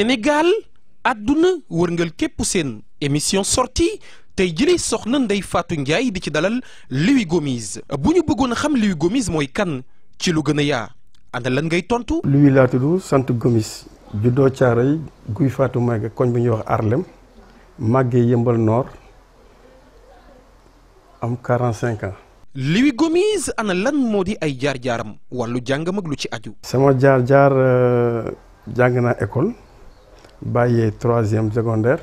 Sénégal àdduna wërngal képp seen émission sorti tey jëlee soxna ndey Fatou Ndiaye di ci dalal Louis Gomis bu ñu bëggoon a xam Louis Gomis mooy kan ci lu gën a yaa ana lan ngay tontu. Louis laa tudd sant Gomis juddoo Caaroy guy Fatou Maga koñ bu ñuy wax Arlem màggee yëmbal noor am 45 ans. Louis Gomis ana lan moo di ay jaar-jaaram wàllu jàngam lu ci aju. sama jaar-jaar euh, jàng naa école. bàyyee troisième secondaire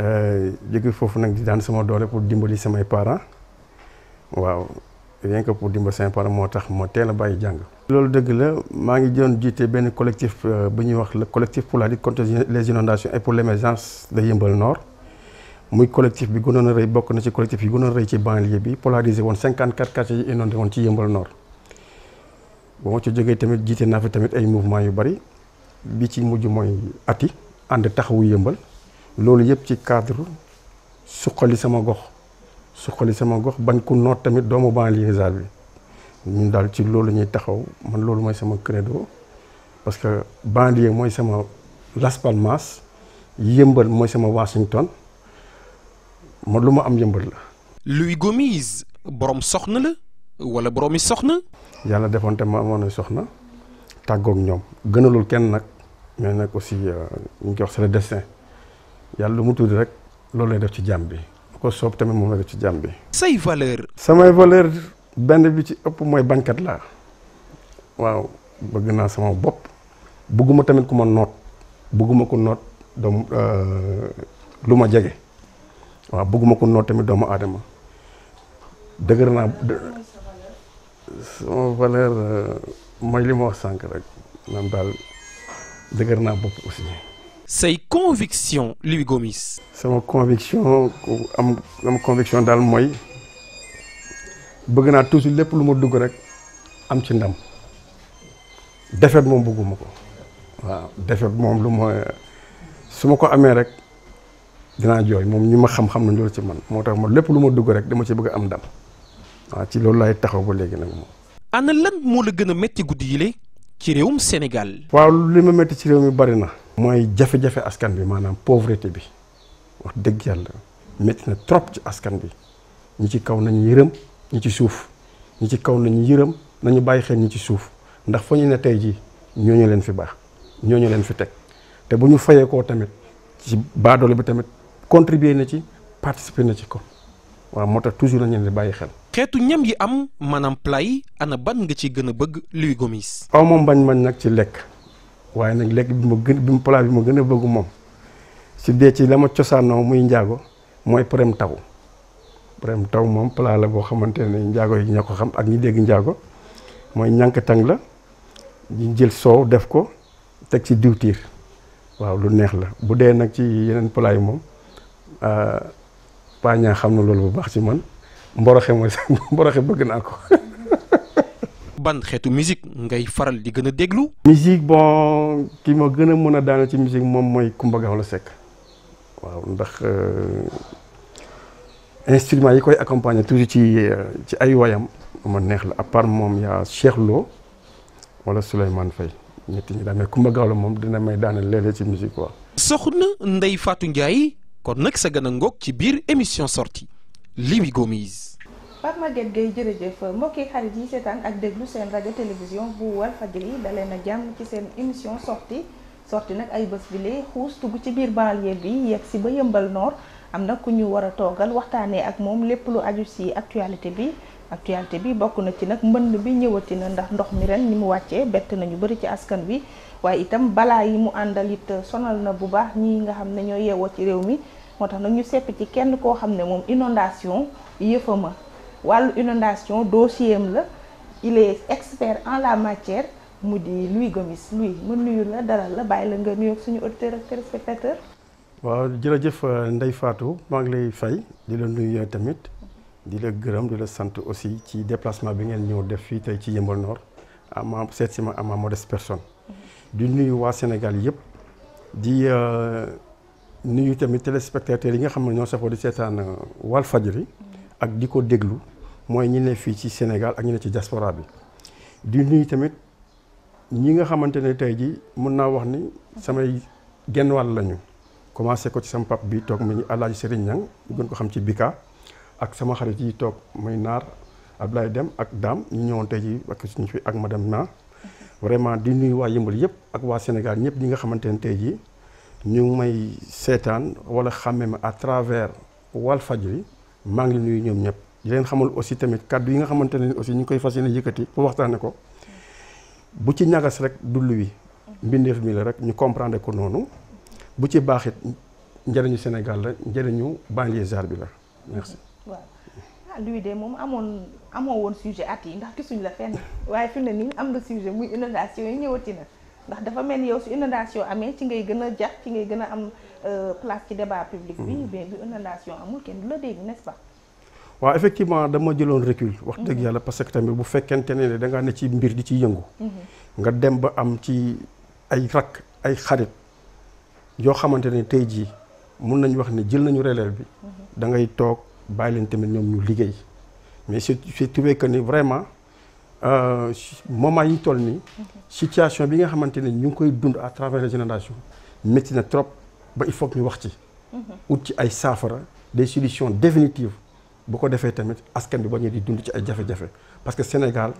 euh, jóge foofu nag di daan sama doole pour dimbali samay parents waaw rien que pour dimbali samay parents moo tax ma teel a bàyyi jàng. loolu dëgg la maa ngi doon jiite benn collectif euh, bu ñuy wax le collectif pour la lutte les inondations et pour l' émergence de Yeumbeul Nord muy collectif bi gënoon a rëy bokk na ci collectif yi gënoon a rëy ci banlieue bi polarisé woon 54 quartiers yi inondé woon ci Yeumbeul noor ba ma ci jógee tamit jiite naa fi tamit ay mouvement yu bari bi ci mujj mooy ati ànd taxawu yëmbal loolu yëpp ci cadre suqali sama gox suqali sama gox bañ ku noot tamit doomu banlieusard bi ñun daal ci loolu ñuy taxaw man loolu mooy sama credo parce que banlieue mooy sama Las Palmas yëmbal mooy sama Washington ma lu ma am yëmbal la. Louis Gomis borom soxna la wala boroomi soxna. yàlla defoon te ma amoon soxna tàggoog ñoom gënalul kenn nag. mais nekk aussi euh, ñu ngi koy le destin yàlla lu mu tudd rek loolu lay def ci jàmm bi lu ko soob tamit moom lay def ci jàmm bi. say valeur. samay valeur benn bi ci ëpp mooy bañkat laa waaw bëgg naa sama bopp bëgguma tamit ku ma noot bëgguma ko noot doomu euh, lu ma jege waaw bëgguma ko noot tamit doomu aadama dëgër naa sama valeur euh, mooy li ma wax sànq rek maanaam daal. dëgër naa bopp aussi. say conviction Louis Gomis. sama conviction am sama conviction daal mooy bëgg naa toujours lépp lu ma dugg rek am ci ndam defet moom bëgguma ko waaw defet moom lu ma su ma ko amee rek dinaa jooy moom ñu ma xam-xam na loolu ci man moo tax ma lépp lu ma dugg rek dama ci bëgg am ndam waaw ci loolu laay taxaw ba léegi nag moom. ana lan moo la gën a metti guddi yile ci réewum Sénégal. waaw li ma métti ci réew mi bari na. mooy jafe-jafe askan bi maanaam pauvreté bi wax dëgg yàlla métti na trop ci askan bi ñi ci kaw nañu yërëm ñi ci suuf ñi ci kaw nañu yërëm nañu bàyyi xel ñi ci suuf ndax fa ñu ne tey jii ñooñu leen fi baax ñooñu leen fi teg te bu ñu fayee koo tamit ci baadoole bi tamit contribuer na ci participer na ci ko waaw moo tax toujours nañu leen di bàyyi xel. xeetu ñam yi am maanaam plat yi ana ban nga ci gën a bëgg Louis Gomis. aw moom bañ nag ci lekk waaye nag lekk bi ma gën bi mu gën a bëgg moom si dee ci la ma cosaanoo muy njaago mooy përëm taw përëm taw moom plat la boo xamante ne njaago yi ñoo ko xam ak ñi dégg njaago mooy ñànk tàng la ñu jël soow def ko teg ci diwtiir waaw lu neex la bu dee nag ci yeneen plat yi moom paa ah, ñaa xam na loolu bu baax ci man. mboroxe mooy sax mboroxe bëgg naa ko. ban xeetu musique ngay faral di gën a déglu. musique bon ki ma gën a mën a daanu ci musique moom mooy Kumba Gawlo Seck waaw ndax euh, instrument yi koy accompagner toujours ci euh, ci ay woyam ma neex la à part moom yaa Cheikh Lo wala Souleymane Faye ñetti ñi daamee Kumba Gawlo moom dina may daaneel léeg-léeg ci musique quoi. soxna Ndeye Fatou Ndiaye kon nag sa gën a ngoog ci biir émission sorti Louis Gomis. Pape Maguette Gueye jërëjëf mbokki xarit yi seetaan ak déglu seen rajo télévision bu Walfadjri yi dalee na jàmm ci seen émission sorti sorti nag ay bës bi lee xuus tugg ci biir banlieue bi yegg si ba yëmbal noor am na ku ñu war a toogal waxtaanee ak moom lépp lu aju si actualité bi actualité bi bokk na ci nag mbënn bi ñëwati na ndax ndox mi ren ni mu wàccee bett nañu bëri ci askan wi waaye itam balaa yi mu àndal it sonal na bu baax ñi nga xam ne ñoo yeewoo ci réew mi. moo tax nag ñu sepp ci kenn koo xam ne moom inondation yëfama wàllu inondation dossier la il est expert en la matière mu di Louis Gomis Louis mu nuyu la dalal la bàyyi la nga nuyoog suñu auditeur ak téléspectateur waaw jërëjëf euh, Ndeye Fatou maa ngi lay fay di la nuyu tamit di la gërëm di la sant aussi ci déplacement bi ngeen ñëw def fii tey ci Yeumbeul Nord ama seet si ma ama modeste personne mm-hmm. di nuyu waa Sénégal yëpp di euh, nuyu tamit téléspectateurs yi nga xam ne ñoo safoo di seetaan euh, Walfadjri ak di ko déglu mooy ñi fii ci Sénégal ak ñi ne ci diaspora bi di nuyu tamit ñi nga xamante ne tey ji mun naa wax ni samay genn wàll lañu commencé ko ci sama pap bi toog muy Alaaji Serigne Niang ñu gën ko xam ci Bika ak sama xarit yi toog muy Naar Ablaye Dem ak daam ñu ñëwoon tey ji ak suñu fi ak madame Na mm-hmm. vraiment di nuyu waa Yëmbal yëpp ak waa Sénégal ñëpp ñi nga xamante ne tey jii ñu ngi may seetaan wala xàmme ma à travers Walfadjri maa ngi nuyu ñoom ñëpp di leen xamal aussi tamit kàddu yi nga xamante ne aussi ñu ngi koy fas yéene yëkkati pour waxtaane ko bu ci ñagas rek du wi mbindeef mi la rek ñu comprendre ko noonu bu ci baax it njëriñu Sénégal la njëriñu banlieusard bi la merci. waaw ah luy de moom amoon amoo woon sujet at yi ndax gisuñu la fenn waaye fi nii am na sujet muy inondation yi ñëwati na. ndax dafa mel ni yow su inondation amee ci ngay gën a jax ci ngay gën a am euh, place ci débat public bi mm-hmm. mais bu inondation amul kenn du la dégg n'est-ce pas waaw effectivement dama jëloon recul wax dëgg mm-hmm. yàlla parce que tamit bu fekkente ne da ngaa ne ci mbir di ci yëngu mm-hmm. nga dem ba am ci ay rakk ay xarit yoo xamante ne tey jii mun nañu wax ne jël nañu relève bi dangay toog bàyyi leen tamit ñoom ñu liggéey mais c'est trouvé que ni vraiment Euh, moment yi ñu toll nii. situation bi nga xamante ne ñu ngi koy dund à travers les générations métti na trop ba il faut ñu wax ci. Mm-hmm. ut ci ay saafara des solutions définitives bu ko defee tamit askan bi ba ñu di dund ci ay jafe-jafe parce que Sénégal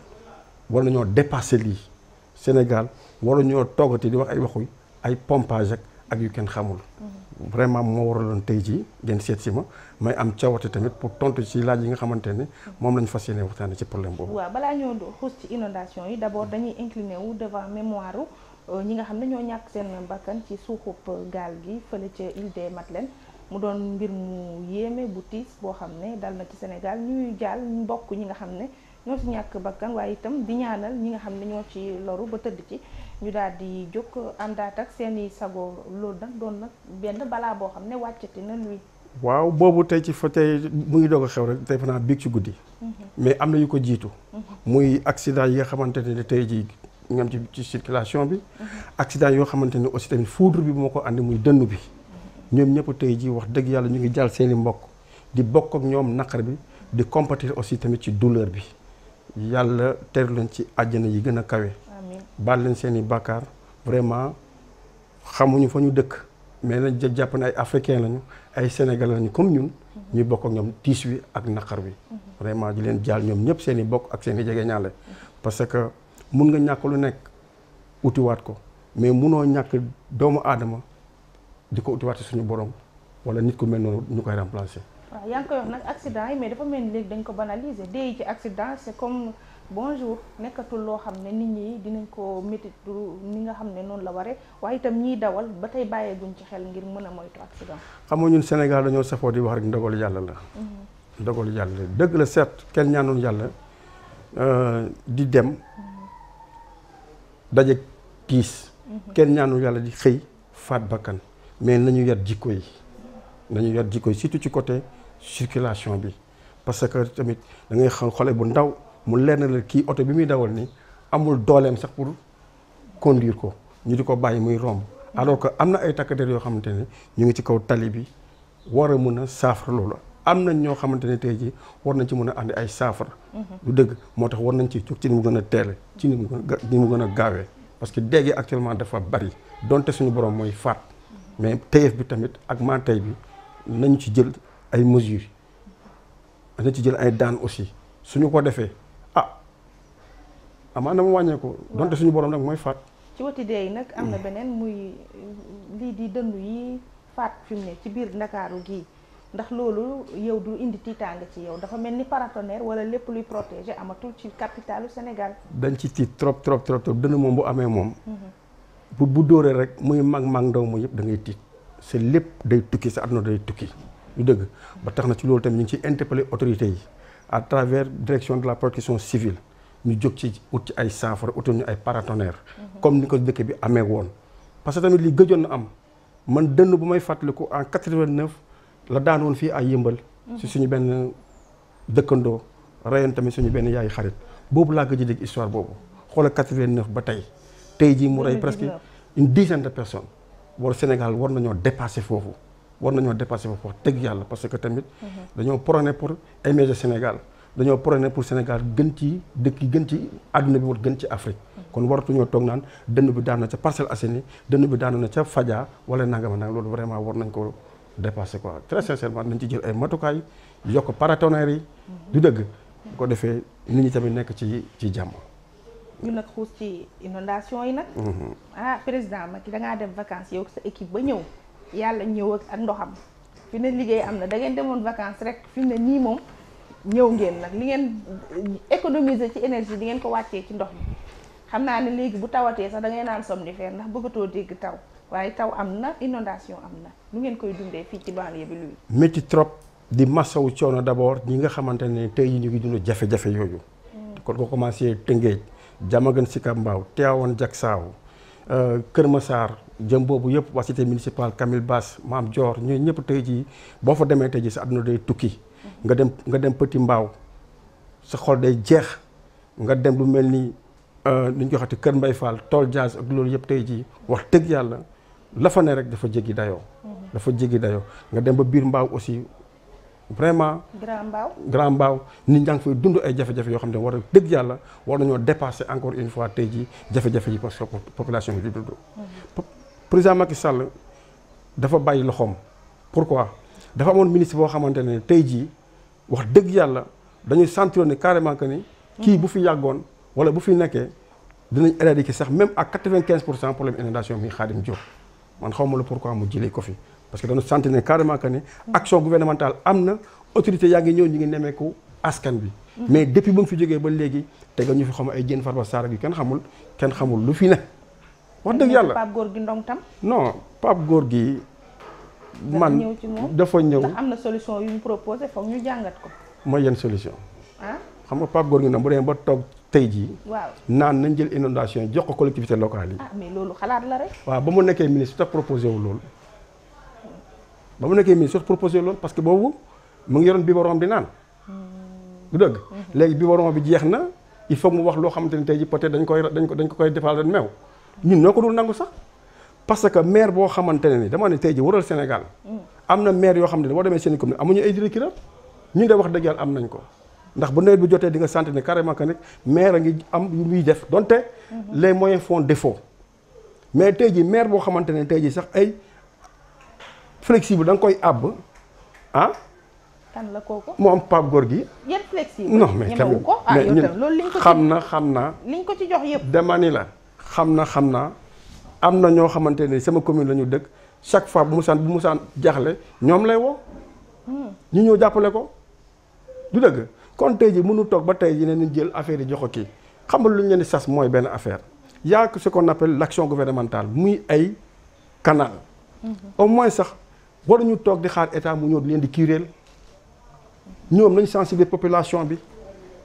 war nañoo dépasser lii Sénégal waruñoo toogati di wax ay waxuy ay pompage ak yu kenn xamul. Mm-hmm. vraiment moo waraloon tey ji ngeen seet si ma may am cawate tamit pour tontu ci laaj yi nga xamante ne moom lañu fas yéene waxtaane ci problème boobu. waaw balaa ñoo xuus ci inondation yi d' abord dañuy incliné wu devant mémoire euh, ñi nga xam ne ñoo ñàkk seen même ci suuxub gaal gi fële ca île des leen mu doon mbir mu yéeme bu boo xam ne dal na ci Sénégal ñuy jaal mbokk ñi nga xam ne. ñoo ci ñàkk bakkan waaye itam di ñaanal ñi nga xam ne ñoo ci loru ba tëdd ci ñu daal di jóg àndaat ak seeni sago loolu nag doon nag benn balaa boo xam ne wàccati na luy waaw boobu tey ci fa tey mu ngi doog a xew rek tey fanaa biig ci guddi mhm. mais am na yu ko jiitu mhm. muy accident yi nga xamante ne tey jii ngam ci ci circulation bi mhm. accident yoo xamante ne aussi tamit foudre bi moo ko àndi muy dënn bi ñoom ñëpp tey ji wax dëgg yàlla ñu ngi jàll seeni mbokk di bokk ak ñoom naqar bi di compatir aussi tamit ci douleur bi yàlla teru leen ci àjjana yi gën a kawe baal leen seen i bàkkaar vraiment xamuñu fa ñu dëkk mais nañ jàpp ne ay africain lañu ay sénégal lañu comme ñun mm-hmm. ñuy bokk ak ñoom tiis wi ak naqar wi mm-hmm. vraiment di leen jaal ñoom ñëpp seen i bokk ak seen i jege ñaale mm-hmm. parce que mun nga ñàkk lu nekk utiwaat ko mais munoo ñàkk doomu aadama di ko utiwaat suñu borom wala nit ku mel noonu ñu koy remplacer waaw yaa ngi koy wax nag accident yi mais dafa mel ni léegi dañ ko banaliser dee yi ci accident c'est comme bonjour nekkatul loo xam ne nit ñi dinañ ko métti ni nga xam ne noonu la waree waaye itam ñiy dawal ba tey bàyyeeguñ ci xel ngir mën a moytu accident. xam nga ñun Sénégal dañoo safoo di wax rek ndogalu yàlla la. Mm-hmm. ndogalu yàlla la dëgg la seet kenn ñaanoon yàlla euh, di dem mm-hmm. daje tiis. Mm-hmm. kenn ñaanul yàlla di xëy faat bakkan mais nañu yar jikko yi. nañu yar jikko yi surtout ci côté circulation bi parce que tamit da ngay xam xale bu ndaw mu leer na la kii oto bi muy dawal ni amul dooleem sax pour conduire ko ñu di ko bàyyi muy romb alors que am na ay takk der yoo xamante ni ñu ngi ci kaw tali bi war a mun a saafara loolu am nañ ñoo xamante ne tey jii war nañ ci mun a àndi ay saafara. lu mhm. dëgg moo tax war nañ ci jóg ci ni mu gën a teele ci ni mu gën a a gaawee parce que dégg actuellement dafa bari donte suñu borom mooy faat mhm. mais teyef bi tamit ak maa bi nañ ci jël. ay mesures dana ci jël ay daan aussi suñu ko defee ah amaana mu wàññeeku donte suñu borom nag mooy faat. ci wati dee yi nag am na mm. beneen muy lii di dëndu yi faat fi ne ci biir ndakaaru gi ndax loolu yow du indi tiitaange ci yow dafa mel ni paratonnerre wala lépp luy protéger amatul ci capitalu Sénégal. dañ ci tiit trop trop trop trop dënn moom bu amee moom. Mm-hmm. bu bu dóoree rek muy mag mag ndaw mooy yëpp da tiit. c'est lépp day tukki sa àdduna day tukki. ñu dëgg ba tax na ci loolu tamit ñu ngi ciy interpellé autorités yi à travers direction de la protection civile ñu jóg ci ut ci ay saafara utal ñu ay paratonnerre mhm. comme ni ko dëkk bi amee woon parce que tamit li gëjoon na am man dënn bu may fàttaliku en 89 la daan woon fii ay yëmbal mhm. si suñu benn dëkkandoo rayon tamit suñu benn yaay xarit boobu laa gëj a dégg histoire boobu xoola 89 ba tey tey jii mu rey presque une dizaine de personnes war Sénégal war nañoo dépassé foofu war nañoo dépassé foofu wax dëgg yàlla parce que tamit dañoo prôné pour émerger Sénégal dañoo prôné pour Sénégal gën ci àdduna bi war gën ci Afrique kon waratuñoo toog naan dënn bi daan na ca Parcelles Assainies dënn bi daan na ca Fadia wala nangama nang loolu vraiment war nañ ko dépassé quoi très sincèrement ci jël ay matukaay yokk paratonnerre yi du dëgg bu ko defee nit ñi tamit nekk ci jàmm ñu nag xuus ci inondation yi nag mhm. ah, président Macky dangaa yàlla ñëw ak ndoxam fi ne liggéey am na da ngeen demoon vacances rek fi ne nii moom ñëw ngeen nag li ngeen économiser ci énergie di ngeen ko wàccee ci ndox mi xam naa ne léegi bu tawatee sax da ngay naan somnifère ndax bëggatoo dégg taw waaye taw am na inondation am na lu ngeen koy dundee fii ci banlieue bi luy métti trop di masawu coono d'abord ñi nga xamante ne tey yi ñu ngi dund jafe-jafe yooyu mm. kon ko commencé Tëngéej Diamaguène Sicap Mbao Tivaouane Diacksao Euh, Kër Massar jëm boobu yëpp waa cité municipale Camille Bass Maam joor ñooy ñëpp tey jii boo fa demee tey jii sa àdduna day tukki mhm. nga dem nga dem Petit Mbaaw sa xol day jeex nga dem lu mel ni lu euh, ñu joxati Kër Mbay Fall tool jaas ak loolu yëpp tey jii wax tëgg yàlla lafane rek dafa jéggi dayoo mhm. dafa jéggi dayoo nga dem ba biir Mbaaw aussi vraiment grand mbaaw grand mbaaw nit ñaa ngi fay dund ay jafe-jafe yoo xam ne war a dëgg yàlla war nañoo dépasser encore une fois tey jii jafe-jafe yi parce que yi bi di dund. Mm-hmm. président Macky Sall dafa bàyyi loxoom pour quoi dafa amoon ministre boo xamante ne tey jii wax dëgg yàlla dañuy sentir ne carrément que ni. kii bu fi yàggoon wala bu fi nekkee dinañ éradiquer sax même à quatre-vingt-quinze pour cent problème inondation bi Khadim Diop man xaw ma la pourquoi mu jëlee ko fi. parce que dañu sentir ni carrément que ne action gouvernementale am na autorité yaa ngi ñëw ñu ngi nemeeku askan bi mm-hmm. mais depuis ba mu fi jógee ba léegi te tega ñu fi xam ay jën farba saar gi kenn xamul kenn xamul lu fi ne wax dëgg yàlla Pape Gorgui Ndong tam non Pape Gorgui man ñëw ci moom dafa ñëw ndax am na solution yu mu proposé foog ñu jàngat ko mooy yenn solution ah xam nga Pape Gorgui Ndong bu demee ba toog tey jii waaw naan nañ jël inondation jox ko collectivité locale yi ah mais loolu xalaat la rek waaw ba mu nekkee ministre proposé wu loolu ba mu nekkee ministre proposé loolu parce que boobu mu ngi yoroon biberon di naan. du dëgg. léegi biberon bi jeex na il faut mu wax loo xamante ni tey jii peut dañ koy dañ ko dañ ko koy defaal ren meew. ñun noo ko dul nangu sax parce que maire boo xamante ne ni dama ne tey ji waral Sénégal. am na maire yoo xam ne boo demee seen commune amuñu ay directeur ñun de wax dëgg yàlla am nañ ko. ndax bu nawet bi jotee di nga sant ne carrément que nag maire ngi am lu muy def donte. Mhm. les moyens font défaut. mais tey jii maire boo xamante ne tey jii sax ay. flexible da nga koy àbb ah. kan la moom Pape góor gi. yan flexible non mais ah, tamit mais xam na xam naa. liñ ko xam na xam naa am na ñoo xamante ne sama commune lañu ñu dëkk chaque fois bu mu musaan bu mu saan jaxle ñoom lay woo. Hmm. ñu ñëw jàppale ko. du dëgg kon tey ji mënu toog ba tey ji ne ñu jël affaire yi jox ko kii xam lu ñu leen di sas mooy benn affaire y a ce qu'on appelle l'action gouvernementale muy ay canal. Hmm. au moins sax. waruñu toog di xaar état mu ñëw di leen di kiireel ñoom nañ sensibiliser population bi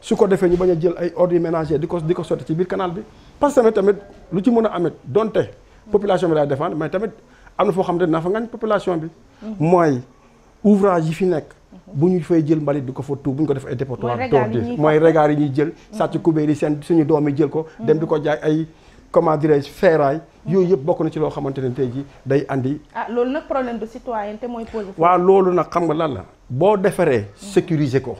su ko defee ñu bañ a jël ay ordures ménagères di ko di ko sotti ci biir canal bi parce que tamit lu ci mën a amet donte population bi daay défendre mais tamit am na foo xam ne naa fa ngañ population bi mooy ouvrage yi fi nekk bu ñu fay jël mbalit di ko fa tuub bu ñu ko def ay dépotoir mooy regard yi ñuy jël sàcc kubéer yi seen suñu doom yi jël ko dem di ko jaay ay comment dirais-je ferraille yooyu yëpp bokk na ci loo xamante ne tey jii day andi. ah loolu nag problème de citoyenneté mooy posé. waa loolu nag xam nga lan la. boo defaree hmm. sécuriser ko.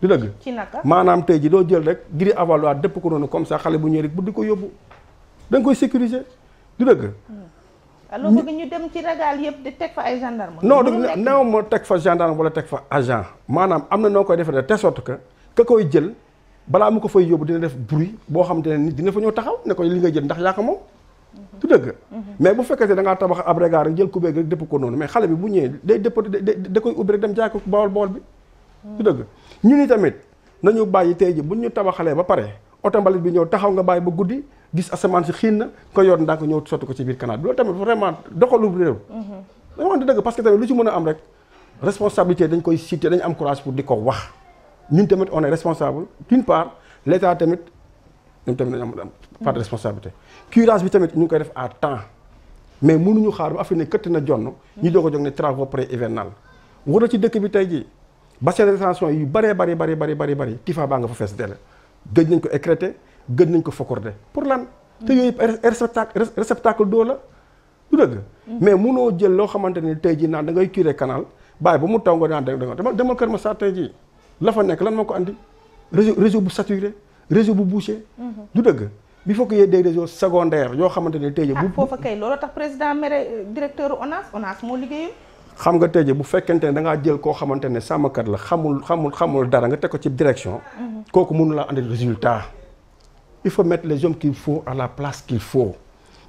du dëgg ci naka maanaam tey jii doo jël rek giri avaloir dëpp ko noonu comme sax xale bu ñëwee rek bu di ko yóbbu da koy sécuriser du dëgg. Hmm. alors que ñu dem ci ragal yëpp di teg fa ay gendarme. non dëgg néew ma teg fa gendarme wala teg fa agent maanaam am na noo koy defaree de telle sorte que ka koy jël. balaa mu ko fay yóbbu dina def bruit boo xam ne nit dina fa ñëw taxaw ne ko li nga jël ndax yaa ko moom du dëgg mais bu fekkee da dangaa tabax ab regard rek jël kubéeg rek dëpp ko noonu mais xale bi bu ñëwee day dëpp da koy ubbi rek dem jaay ko bawol bawol bi du dëgg ñu ni tamit nañu bàyyi tey ji bu ñu tabaxalee ba pare oto mbalit bi ñëw taxaw nga bàyyi ba guddi gis asamaan si xiin na nga yor ndaa ko ñëw sotti ko ci biir canal bi loolu tamit vraiment doxalu réew dañu wax dëgg parce que lu ci mën a am rek responsabilité dañ koy cité dañ am courage pour di ko wax ñun tamit on est responsable d'une part l'état tamit ñun tamit dañu am part de responsabilité. curage bi tamit ñu ngi koy def à temps mais mënuñu xaar ba affaire ne këtt na jonn ñu doog ko jóg ne travaux pré-hivernal war ci dëkk bi tey jii bassin de rétention yu bëree bëri bëri bëri bëri bëri tifa baa nga fa fees dell gëj nañ ko écrété gëj nañ ko fokorde pour lan te yooyu réceptacle réceptacle doo la du dëgg mais munoo jël loo xamante ni tey jii naan da ngay curé canal bàyyi ba mu taw nga naan da nga demal Kër Massar tey jii la fa nekk lan moo ko andi réseau réseau bu saturé réseau bu bouché. Mhm. du dëgg bi faut yee y ait des réseaux yoo xamante ne tey bu ah, foofa kay loolu tax président maire euh, directeur ONAS ONAS moo liggéeyul. xam nga tey bu fekkente ne da ngaa jël koo xamante ne sàmmkat la xamul xamul xamul dara nga teg ko ci direction. Mhm. kooku mënu laa andi résultat. il faut mettre les hommes qu'il à la place qu'il faut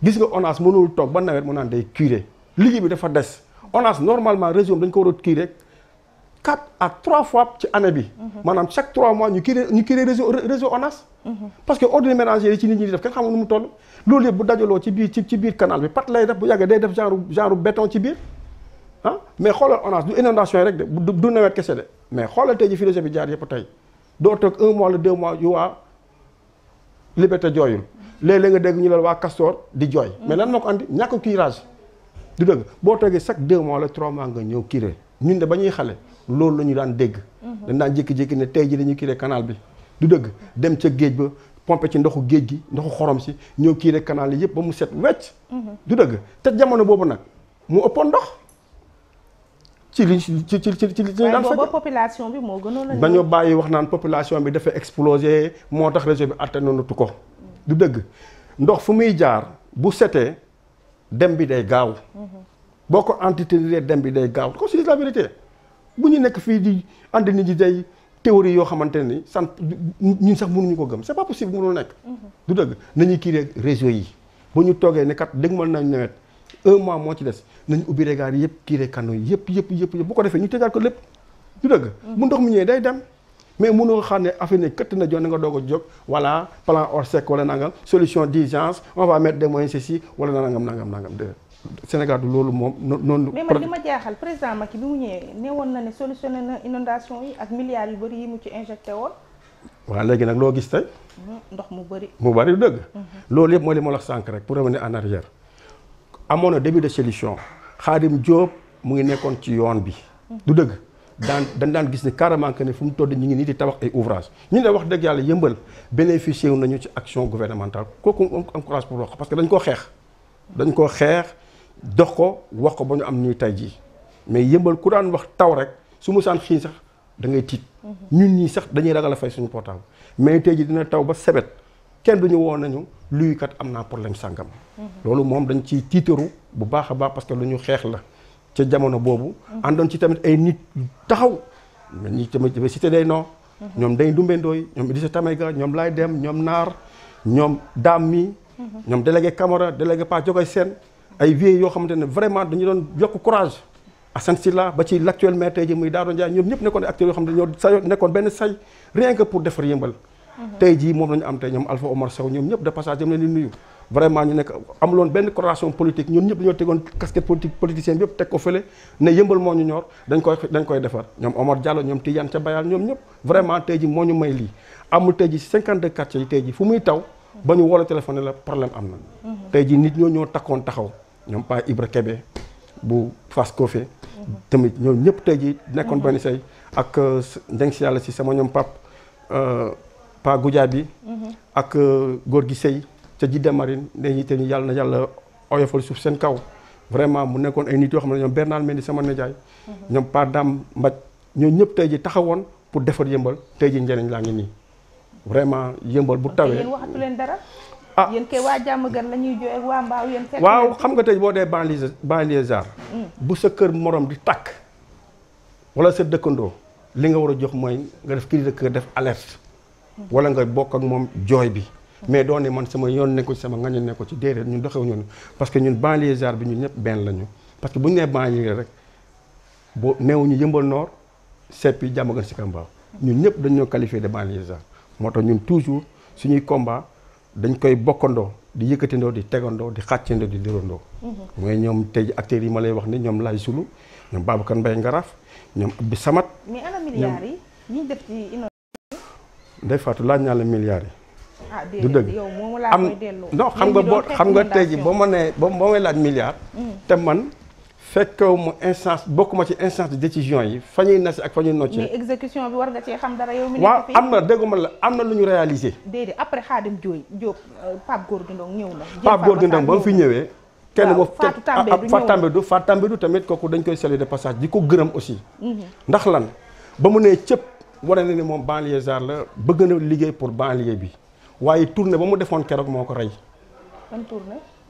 gis nga ONAS mënul toog ba nawet mu naan day curé liggéey bi dafa des ONAS normalement réseau dañ ko war a curé quatre à trois fois ci année bi. maanaam chaque trois mois ñu créé ñu créé réseau réseau ONAS. parce que ordre ménager yi ci nit ñi di def kenn xamul nu mu toll. loolu yëpp bu dajaloo ci biir ci biir canal bi pat lay def bu yàggee day def genre genre béton ci biir ah mais xoolal ONAS du inondation yi rek de du nawet kese de mais xoolal tey ji fi réseau bi jaar yëpp tey doo toog un mois le deux mois yu waa liberté jooyul léeg nga dégg ñu lal waa Castor di jooy. mais lan moo ko andi ñàkk curage du dëgg boo toogee chaque deux mois la trois mois ñëw curé ñun de ba ñuy xale. loolu la ñu daan dégg. Mhm. dañ daan jékki-jékki ne tey ji dañuy créer kanaal bi. du dëgg dem ca géej ba pompe ci ndoxu géej gi ndoxu xorom si ñëw créer kanaal yi yëpp ba mu set wecc. Mhm. du dëgg te jamono boobu nag mu ëppoon ndox. ci li ci ci ci ci li daan fekk population bi moo gënoon la bàyyi wax naan population bi dafa explosé moo tax réseau bi atténuatu ko. Mhm. du dëgg ndox fu muy jaar bu setee dem bi day gaaw. boo ko entretenir dem bi day gaaw ko c'est la vérité. bu ñu nekk fii di ànd nit ñi day théorie yoo xamante ne sant ñun sax mënuñu ko gëm c'est pas possible mënul nekk. Mhm. du dëgg nañuy kii rek réseau yi bu ñu toogee ne kat dëgmal nañ nawet un mois moo ci des nañu ubbi regard yëpp kii rek kano yëpp yëpp yëpp bu ko defee ñu tëjaat ko lépp du dëgg. Mhm. bu ndox mu ñëwee day dem. mais mënoo xam ne affaire ne këtt na joon nga doog a jóg voilà plan Orsec wala nangam solution d'urgence on va mettre des moyens ceci wala de Sénégal du loolu moom noonu. mais man li ma jaaxal président Macky bi mu ñëwee ne na ne solutionné na inondation yi ak milliards yu bëri yi mu ci injecté woon. waaw léegi nag loo gis tey. Hmm, ndox mu bëri. mu bëri du dëgg. Hmm. loolu yëpp mooy li ma la sànq rek pour revenir en arrière. amoon na début de solution Khadim Diop mu ngi nekkoon ci yoon bi. Hmm. du dëgg daan dañ daan gis ni carrément que ne fu mu toll ñu ngi nii di tabax ay ouvrage ñu ne wax dëgg yàlla yëmbal bénéficié wu nañu ci action gouvernementale kooku am courage pour wax parce que dañ koo xeex. dañ koo xeex. dox ko wax ko ba ñu am ñuy tay jii mais yëmbal ku daan wax taw rek su mu saan xiin sax da ngay tiit mhm. ñun ñii sax dañuy ragal a fay suñu portable mais tey jii dina taw ba sebet kenn du duñu woo nañu luy kat am naa problème sàngam mhm. loolu moom dañ ciy tiitaru bu baax a baax parce que lu ñu xeex la ca jamono boobu mhm. àndoon ci tamit ay nit taxaw mais ñi tamit cité day noo ñoom day dumbendooy ñoom Idrissa Tamaga ñoom Laay Dem ñoom Naar ñoom Dam mi ñoom délégué Camara délégué Pa Jogoy seen ay vieux yoo xamante ne vraiment dañu doon yokk courage Assane Sylla ba ci l' actuel maire tey ji muy Daaro Ndiaye ñoom ñëpp nekkoon acteurs yoo xam ne ñoo sa nekkoon benn say rien que pour mhm. ñoom Alpha Omar Sow ñoom ñëpp de passage ñoom leen di nuyu vraiment ñu ne koy dañ koy defar ñoom Omar Diallo ñoom Tidiane ca Bayal ñëpp vraiment tey ji moo ñu may lii amul tey ji 52 quartiers yi tey ji fu muy taw ba ñu woola téléphone la problème am na mhm. tey ji nit ñoo ñoo takkoon taxaw ñoom Paa Ibra Kebe bu fas Kofé tamit ñoo ñëpp tey jii nekkoon benn say ak euh, ndeng si yàlla si sama ñoom pap euh, Paa Goudia bi ak euh, góor gi sëy ca Jidda Marine dañuy te ni yàlla na yàlla oyofal suuf seen kaw vraiment mu nekkoon ay nit yoo xam ne ñoom Bernard Mendy sama nijaay ñoom Paa Dam Mbaj ñoom ñëpp tey jii taxawoon pour defar yëmbal tey jii njëriñ laa ngi nii vraiment yëmbal bu tawee waxatu ah yéen kay waa gan la ñuy jooy ak waa waaw xam nga tey boo dee banlieue banlieusard mm. bu sa kër morom di takk wala sa dëkkandoo li nga war a jox mooy nga def cri de cœur def alerte mm. wala nga bokk ak moom jooy bi mm. mais doone man sama yoon nekku ci sama ngañu nekku ci déedéet ñu doxewu ñun parce que ñun banlieusard bi ñun ñëpp benn lañu parce que bu ñu nee banlieue rek boo neewuñu yëmbal noor seppi jàmm gan si kambaaw ñun ñëpp dañoo qualifié de banlieusard moo tax ñun toujours suñuy combat dañ koy bokkandoo di yëkkatindoo di tegandoo di xàccandoo di dirandoo mhm. mooy ñoom tey acteurs yi ma lay wax ne ñoom Laye Sulu ñoom Babacar Mbaye Ngaraaf ñoom Abdou samat mais ana laaj naa la milliards yi ah, du dëgg am xam nga boo xam nga tey ji boo ma nee boo may laaj milliards mm. te man fekkow mu instance ma ci instance de décision yi fa ñuy nas ak fa ñuy nocce. bi xam dara yow. mi waaw am na dégguma la am na lu ñu réalisé. déedéet après Khadim Diop Diop euh, Pape Gorgui Ndong ñëw na. Pape Gorgui Ndong ba mu fi ñëwee. kenn moo Fatou Tambédou ah, ah, Fatou Tambédou Fatou Tambédou tamit kooku dañ koy saluer de passage di ko gërëm aussi. Mhm. ndax lan ba mu nee cëpp wane na ni moom banlieusard la bëgg na liggéey pour banlieue bi waaye tournée ba mu defoon keroog moo ko rey. ban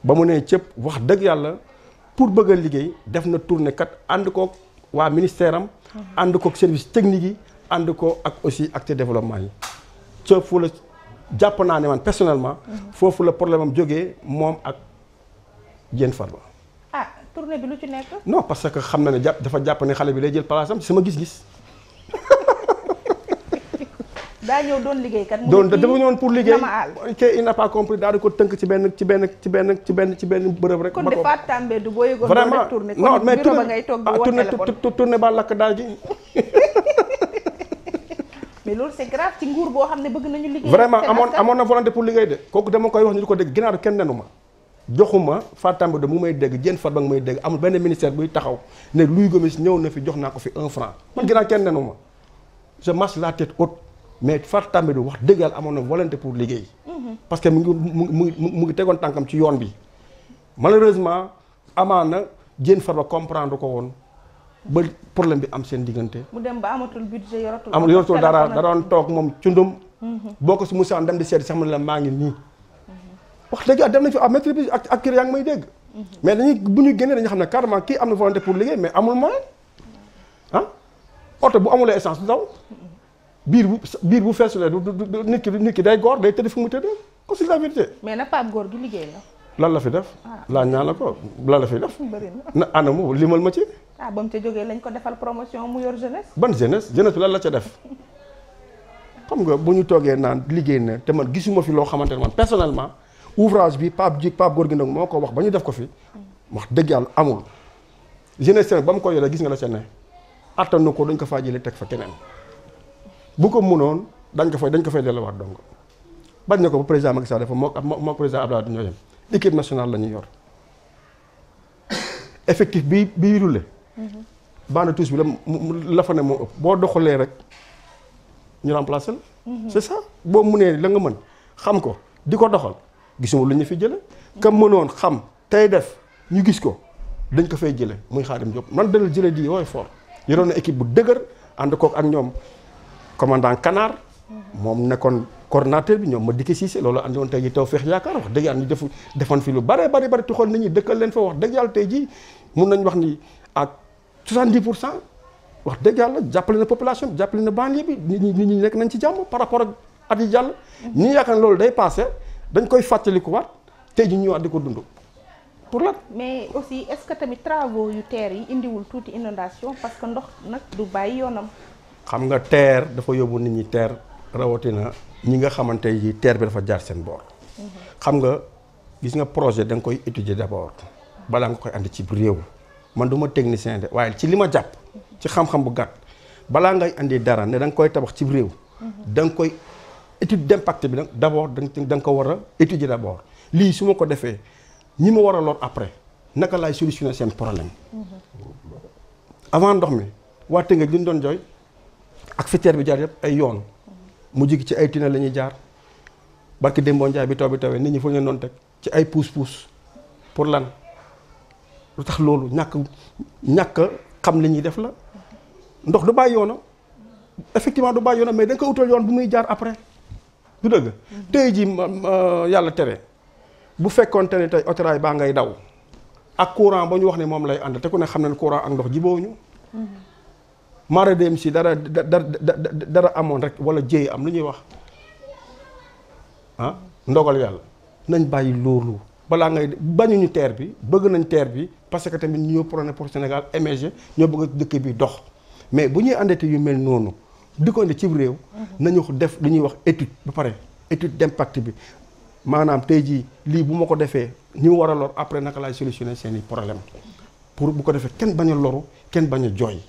ba mu nee cëpp wax dëgg yàlla pour bëgg a liggéey def na tournée kat ànd koog waa ministère am. ànd kook service technique yi ànd ko ak aussi acte développement yi. foofu la jàpp naa ne man personnellement. Mhm. foofu la problème am jógee moom ak Diène Farba. ah tournée bi lu ci nekk. no parce que xam na ne jàpp dafa jàpp ne xale bi lay jël place am ci sama gis-gis. daa ñëw doon liggéeykat mu doon dafa ñëwoon pour liggéey te il n'a pas compris daal di benn ci benn ci benn ci benn bërëb rek. kon dafa tàmbee du boo yëgoon vraiment non mais tourné ngay toog ah, loolu c'est grave ci boo xam ne bëgg nañu vraiment amoon amoon na volonté pour liggéey de kooku dama koy wax ñu di ko dégg ginnaaw kenn nenu ma joxuma Fatambe do mu may dégg Diène Farba nga may dégg amul benn ministère buy taxaw ne Louis Gomis ñëw na fi jox naa ko fi un franc man ginnaaw kenn nenu ma je marche la tête haute mais far tamit wax dëgg amoon na volonté pour liggéey. parce que mu ngi mu ngi mu ngi tegoon tànkam ci yoon bi malheureusement amaana Diène Farba comprendre ko woon ba problème bi am seen diggante. mu dem ba amatul budget yoratul. amul yoratul dara da doon toog moom cundum. Mhm. boo ko si musaan dem di seet sax mu ne la maa ngi nii. Mhm. wax dëgg yàlla dem nañ fi à ah, maîtrise ak ak kër yaa ngi may dégg. Mhm. mais dañuy bu ñu génnee dañu xam ne carrément kii am na volonté pour liggéey mais amul moyen ah oto amulee essence du biir bu biir bu feesulee du du nit ki nit ki day góor day tëdd fi mu tëdd aussi la vérité. mais na Pape Gor du liggéey la. lan la fi def. Ah. laa naa la ko lan la fi def. bëri na anamu limal ma ci. ah ba mu lañ ko defal promotion mu yor jeunesse. ban jeunesse jeunesse bi lan la ca def xam nga bu ñu toogee naan liggéey na te man gisuma fi loo xamante ne man personnellement ouvrage bi Pape ji Pape Gor gi moo ko wax ba ñu def ko fi hmm. wax dëgg yàlla amul jeunesse ba mu ko yoree gis nga la ca ne attanu ko dañ ko faa jëlee teg fa keneen. bu ko mënoon dañ ko fay dañ ko fay delluwaat donc bañ na ko ba président Macky Sall dafa moo moo président Abdoulaye ñoo yem équipe nationale la ñuy yor bi bi roulé. Mhm. bi la la moo ëpp boo doxalee rek ñu remplacé la. Mhm. c'est ça boo mënee la nga mën xam ko di ko doxal gisuma lu ñu fi jële ka mënoon xam tey def ñu gis ko dañ ko fay jële muy Khadim Diop man dalal jële di wooy fort yoroon na équipe bu dëgër ànd kook ak ñoom. commandant kanaar moom nekkoon coordonnateur bi ñoom ma dikki Cissé loolu andi woon tey ji taw feex yaakaar wax dëgg yàlla ñu def defoon fi lu bare bari bari tuxal nit ñi dëkkal leen fa wax dëgg yàlla tey ji mun nañ wax ni ak 70 pour cent wax dëgg yàlla jàppale na population jàppale na banlieue bi nit ñi nekk nañ ci jàmm par rapport ak at yi jàll. ñu yaakaar loolu day passé dañ koy fàttalikuwaat tey ji ñëwaat di ko dund. pour la mais aussi est-ce que tamit travaux yu terre yi indiwul tuuti inondation parce que ndox nag du bàyyi yoonam. xam nga TER dafa yóbbu nit ñi TER rawatina ñi nga xamante yi teer bi dafa jaar seen boor. xam nga gis nga projet da nga koy étudier d'abord balaa nga koy andi ci réew man du ma technicien de waaye ci li ma jàpp ci xam-xam bu gàtt balaa ngay indi dara ne da nga koy tabax ci réew da nga koy étude d'impact bi d'abord da nga ko war a étudier d'abord lii su ma ko defee ñi ma war a lor après naka laay solutionner seen problème avant ndox mi waa Tëngéej li ñu doon jooy ak fi bi jaar yëpp ay yoon mu jig ci ay tunnel la ñuy jaar barki Demba Ndiaye bi taw bi tawee nit ñi foo ñu noonu teg ci ay pousse-pousse pour lan lu tax loolu ñàkk ñàkk xam li ñuy def la ndox du bàyyi yoonam effectivement du bàyyi yoonam mais da nga utal yoon bu muy jaar après du dëgg. tey ji yàlla tere bu fekkoonte ne tey autorail baa ngay daw ak courant ba ñu wax ne moom lay ànd te ku ne xam ne courant ak ndox jibooñu mara dem si dara dara amoon rek wala jéey am lu ñuy wax ah ndogal yàlla nañ bàyyi loolu balaa ngay bañuñu teer bi bëgg nañ teer bi parce que tamit ñoo prôné pour Sénégal émerger ñoo bëgg dëkk bi dox mais bu ñuy andete yu mel noonu di ko ci réew. Mhm. nañu def lu ñuy wax étude ba pare étude d'impact bi maanaam tey jii lii bu ma ko defee ñu war a après naka laay solutionner seen i problème pour bu ko defee kenn bañu a loru kenn bañ a jooy.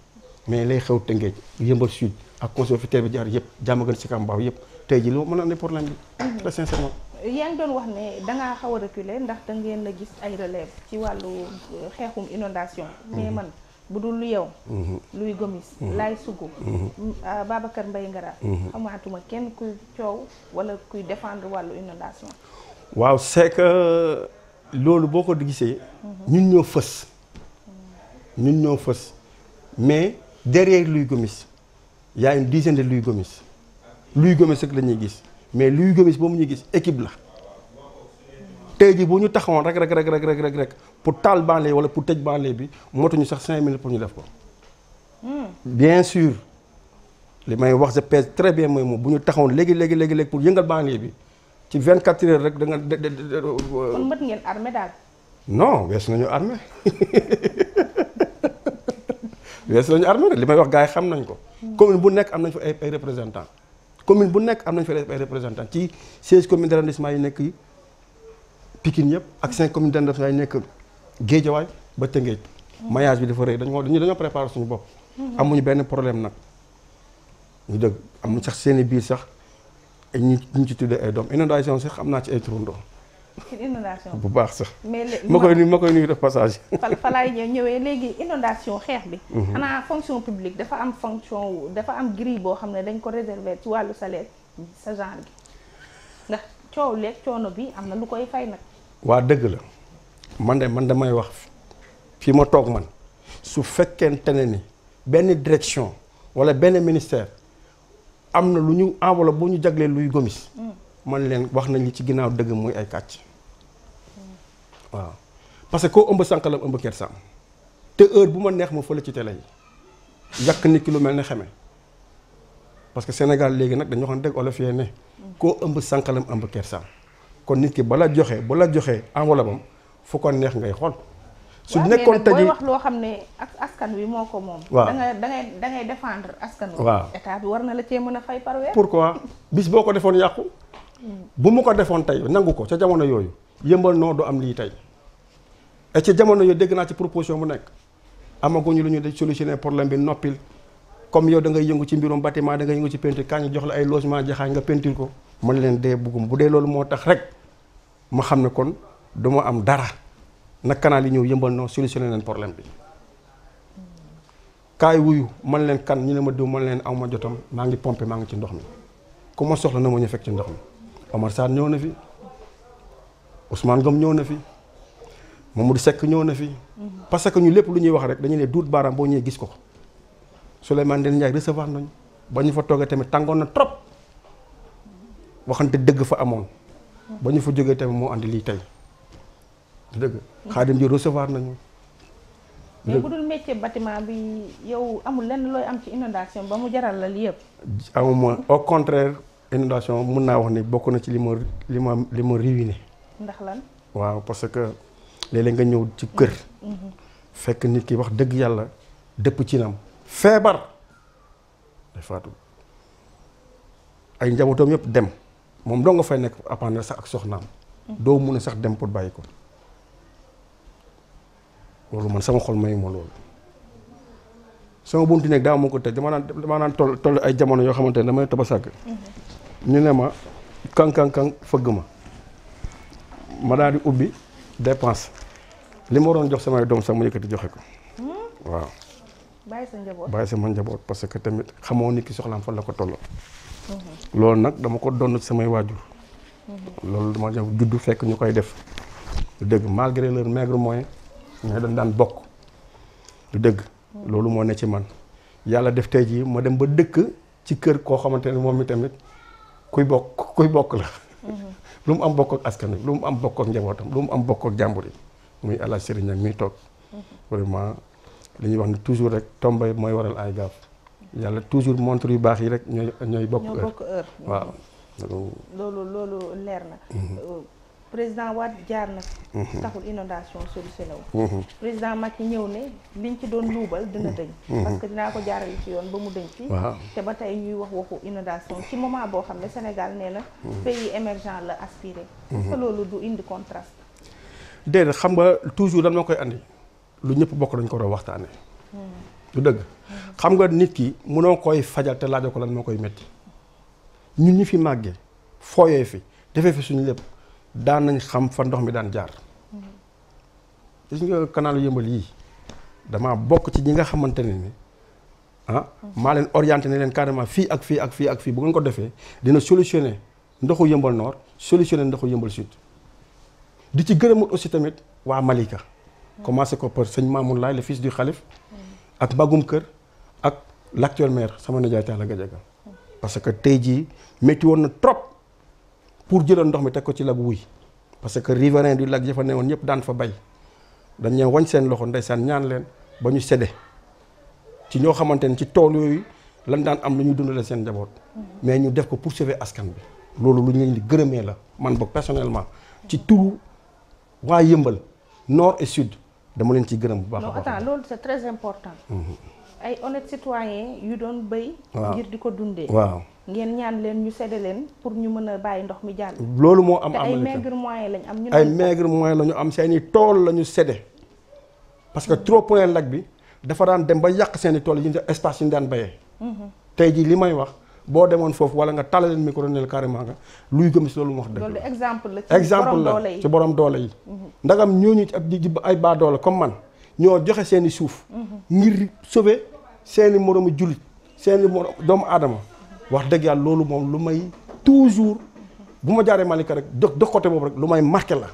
mais lay xew Tëngéej yëmbal sud ak conseil fi bi jaar yëpp jàmm gën si kàmbaaw yëpp tey ji loo mën a ne problème bi mhm. très sincèrement yaa ngi doon wax ne dangaa xaw a reculer ndax da ngeen la gis ay relève ci wàllu euh, xeexum inondation mhm. man bu dul yow mhm. luy gomis laay sugg mm, ah, Babacar Mbaye Ngara xamaatuma kenn kuy coow wala kuy défendre wàllu inondation waaw c'est que loolu boo ko gisee ñun ñoo fës ñun ñoo fës mais derrière Louis Gomis y a de Louis Gomis Louis Gomis rek la ñuy gis mais Louis Gomis boobu ñu gis équipe la tey jii bu ñu taxawoon rek rek rek rek rek rek pour taal banle wala pour tëj banlieue bi motuñu sax cinq mille pour ñu def ko. Hmm. bien sûr li may wax sa pèse très bien mooy moom bu ñu taxawoon léegi léegi léegi léegi pour yëngal banlieue bi ci vingt quatre heures rek da nga. kon mët ngeen armée daal. non weesu nañu armée. weesu nañu armée li may wax gars yi xam nañ ko. commune bu nekk am nañ fa ay ay représentants. commune bu nekk am nañ fa ay représentant ci seize communes d'arrondissement yi nekk Pikine yëpp ak cinq communes d'arrondissement yi nekk Guédiawaye ba Tëngéej. maillage bi dafa rëy dañoo dañoo préparer suñu bopp. amuñu benn problème nag. ñu dëgg amuñu sax seen i biir sax ñu ñu ci tuddee ay doom inondation sax am naa ci ay turandoo. ci bu baax sax. mais ma koy nuyu ma koy nuyu def passage. fa fa laay ñëwee léegi inondation xeex bi. Mhm. xanaa fonction publique dafa am fonction dafa am grille boo xam ne dañ ko réserver ci wàllu salaire sa genre gi ndax coow leeg coono bi am na lu koy fay nag. waa dëgg la man de man damay wax fi ma toog man su fekkente ne ni benn direction walla benn ministère am na lu ñu enveloppe boo ñu jaglee luy gomis mm. man leen wax nañ li ci ginnaaw dëgg muy ay kàcc. waaw parce que koo ëmb sànq la ëmb kersaam te heure bu ma neex ma fële ci télé yi yàq ni ki lu mel ne xeme parce que Sénégal léegi nag dañoo xam dëgg olof yee ne koo ëmb sànq ëmb kersaam kon nit ki bala joxe bala joxe enveloppe am fu ko neex ngay xool. su nekkoon tey booy wax loo xam ne ak askan wi moo ko moom. waaw da ngay da askan wi. waaw état bi war na la cee mën a fay par weer. pourquoi bis boo ko defoon yàqu. bu ma ko defoon tey nangu ko ca jamono yooyu yëmbal noo du am lii tey et ci jamono yooyu dégg naa ci proposition bu nekk amaguñu lu ñu de solutionner problème bi noppil comme yow da ngay yëngu ci mbirum bâtiment da ngay yëngu ci peinture kañ jox la ay logement jaxaay nga peinture ko man leen dee buggum bu dee loolu moo tax rek ma xam ne kon du am dara nag canal yi ñëw yëmbal noo solutionner leen problème bi kaay wuyu man leen kan ñu ne ma d man leen aw ma jotam maa ngi pompe maa ngi ci ndox mi ku ma soxla na ma ñu fekk ndox mi Omar Sarr ñëw na fi Ousmane Ngom ñëw na fi Mamadou Seck ñëw na fi. parce que ñu lépp lu ñuy wax rek dañu ne duut baaraam boo ñëwee gis ko Souleymane Ndéné Ndiaye recevoir nañu ba ñu fa toogee tamit tàngoon na trop waxante dëgg fa amoon. ba ñu fa jógee tamit moo andi lii tey dëgg. Xaadim ji recevoir nañu. mais bu dul métier bâtiment bi yow amul lenn looy am ci inondation ba mu jaral la lii yëpp. amuma au contraire. inondation mun naa wax ni bokk na ci li ma li ma li ma ruiné. waaw parce que léeg nga ñëw ci kër. Mm-hmm. fekk nit ki wax dëgg yàlla dëpp ci nam feebar day ay njabootam yëpp dem moom doo nga fay nekk apprendre sax ak soxnaam. Mm-hmm. doo mun a sax dem pour bàyyi ko. loolu man sama xol mayu ma loolu sama buntu nekk daa ma ko tëj dama naan dama naan toll toll ay jamono yoo xamante ne damay toba sàgg ñu ne ma kan kan kan fëgg ma ma daal di ubbi dépense li ma waroon jox samay doom sama mu yëkkati joxe ko hmm? waaw. bàyyi njaboot sama njaboot parce que tamit xamoo nit ki soxlaam fa la ko toll. Hmm. loolu nag dama ko donn samay waajur. Hmm. loolu dama juddu fekk ñu koy def. lu dëgg malgré leur maigre moyen mais dañ daan bokk. lu dëgg. loolu moo ne ci man yàlla def tey jii ma dem ba dëkk ci kër koo xamante ne moom mi tamit. kuy bokk kuy bokk la. lu mu am bokk ak askan wi lu mu am bokk ak njabootam lu mu am bokk ak jàmbur yi muy El Hadj Serigne ak muy toog. vraiment li ñuy wax ne toujours rek tombé mooy waral ay gaaf. yàlla toujours montre yu baax yi rek ñooy ñooy bokk heure waaw. loolu loolu leer na. Mhm. Euh, président Wade jaar na fi. Mhm. taxul inondation solutionné wu. Mhm. président Macky ñëw ne liñ ci doon luubal dina mhm. dëñ. parce que dinaa ko jaarale ci yoon ba mu dëñ fi. te ba tey ñuy wax waxu inondation ci moment boo xam ne Sénégal nee na. pays émergent la aspiré. te loolu du indi contraste. déedéet xam nga toujours lan koy andi lu ñëpp bokk dañ ko doon waxtaanee. du dëgg xam nga nit ki mënoo koy fajal te laajoo ko lan moo koy métti ñun ñu fi màggee fooyee fi defee fi lépp. daan nañ xam fa ndox mi daan jaar gis nga kanaalu yëmbal yii dama bokk ci ñi nga xamante ne ni ah maa leen orienté ne leen carrément fii ak fii ak fii ak fii bu ngeen ko defee dina solutionné ndoxu yëmbal noor solutionné ndoxu yëmbal sud di ci gërëmut aussi tamit waa Malika commencé ko par sëñ Mamoun laay le fils du xalif ak Bagum Kër ak l' actuel maire sama nijaay Talla Gadiaga parce que tey jii métti woon na trop pour jëlal ndox mi teg ko ci lac wuy parce que riverain du lac yi fa newoon ñëpp daan fa bay dañ ñee wañ seen loxo ndeysaan ñaan leen ba ñu sédde ci ñoo xamante ne ci tool yooyu lan daan am lu ñuy dundale seen njaboot mais ñu def ko pour sauver askan bi loolu lu ñu leen di gërëmee la man boog personnellement ci turu waa yëmbal nord et sud dama leen ciy gërëm bu baax a baax. non loolu c'est très important. Mhm. ay honnêtes yu doon béy. waaw ngir di ko dundee. waaw ngeen ñaan leen ñu séddee leen pour ñu mën a bàyyi ndox mi jàll. loolu moo am am ay maigre moyen lañ am. ñu ay maigre moyen la ñu am seeni tool la ñu séddee parce que trop point lag bi dafa daan dem ba yàq seeni tool yi ñu espace yi ñu daan béyee. Mhm. tey jii li may wax boo demoon foofu wala nga tàllal leen micro neel carrément nga luy gëm si loolu mu wax dëgg. exemple la ci borom doole yi exemple la ci borom doole yi. ndagam ñooñu ci ay baa doole comme man ñoo joxe seeni suuf. Mhm. ngir sauver seeni moromu jullit seeni moromu doomu aadama. wax dëgg yàlla loolu moom lu may toujours bu ma jaaree Malika rek dox de côté boobu rek lu may marqué la.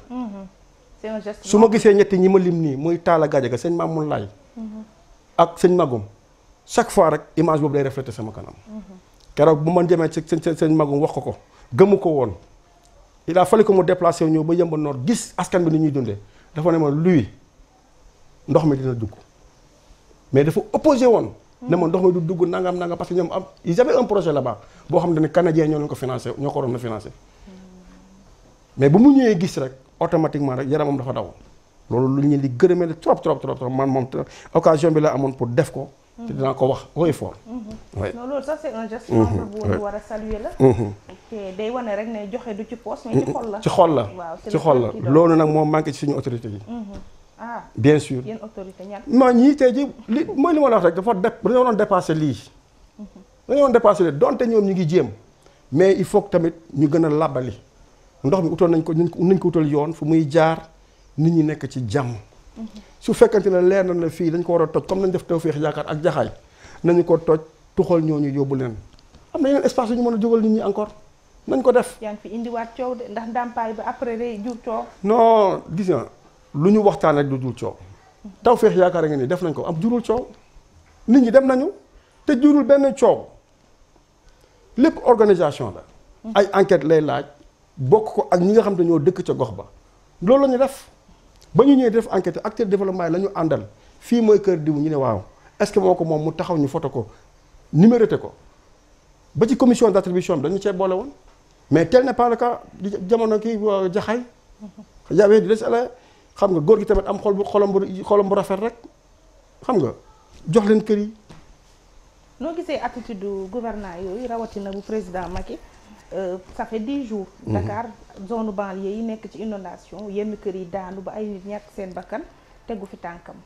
su ma gisee ñetti ñi ma lim nii muy Talla Gadiaga sëñ Mamoun Laye ak sëñ Magum chaque fois rek image boobu day reflété sama kanam. keroog bu ma demee ci sëñ sëñ Magum wax ko ko gëmu ko woon il a fallu que mu déplacé ñëw ba Yeumbeul Nord gis askan bi ni ñuy dundee dafa ne ma luy ndox mi dina dugg mais dafa opposé woon. ne ma ndox mi du dugg nangam nangam parce que ñoom am ils avaient un projet là-bas boo xam ne canadien ñoo leen ko financé ñoo ko waroon a financé mais bu mu ñëwee gis rek automatiquement rek yaramam dafa daw loolu lu ñu di gërëmee la trop trop trop man moom occasion bi la amoon pour def ko. te dinaa ko wax ooy fort. Mm-hmm. oui non loolu sax c'est un geste noble mm-hmm. bu war a saluer la. te mm-hmm. day wane rek ne joxe du ci poos xol la. ci xol la loolu nag moom manqué ci suñu autorité yi. Ah. bien sûr yéen autorité ñan. ñii te ji li mooy li ma la wax rek dafa def dañoo doon dépassé lii. Mhm. dañoo doon dépassé lii donte ñoom ñu ngi jéem mais il faut tamit ñu gën a labali ndox mi utal nañ ko nañ ko utal yoon fu muy jaar nit ñi nekk ci jàmm. Mhm. su fekkante ne leer na ne fii dañ ko war a toj comme nañ def te Tawfekh Yaakaar ak jaxaay nañu ko toj tuxal ñooñu yóbbu leen am na yeneen espace yu ñu mën a jógal nit ñi encore nañ ko def. yaa ngi fi indiwaat de ndax ndàmpaay ba après day jur coow. non gis nga. lu ñu waxtaan rek du jur coow Tawfekh Yaakaar nga ni def nañ ko am jurul coow nit ñi dem nañu te jurul benn coow lépp organisation la. Mm. ay enquête lay laaj bokk ko ak ñi nga xam te ñoo dëkk ca gox ba loolu la ñu def ba ñu ñëwee def enquête acteur développement yi la ñu àndal fii mooy kër diw ñu ne waaw est-ce que moo ko moom mu taxaw ñu foto ko numéroté ko ba ci commission d'attribution bi dañu cee boole woon mais tel n'est pas le cas jamono kii jaxay. yaa ngi xam nga góor gi tamit am xol bu xolam bu xolam bu rafet rek xam nga jox leen kër yi. noo gisee attitude du gouvernement yooyu rawatina bu président Macky euh, ça fait dix jours. Mhm. Dakar zone banlieue yi nekk ci inondation yenn kër yi daanu ba ay nit ñàkk seen bakkan tegu fi tànkam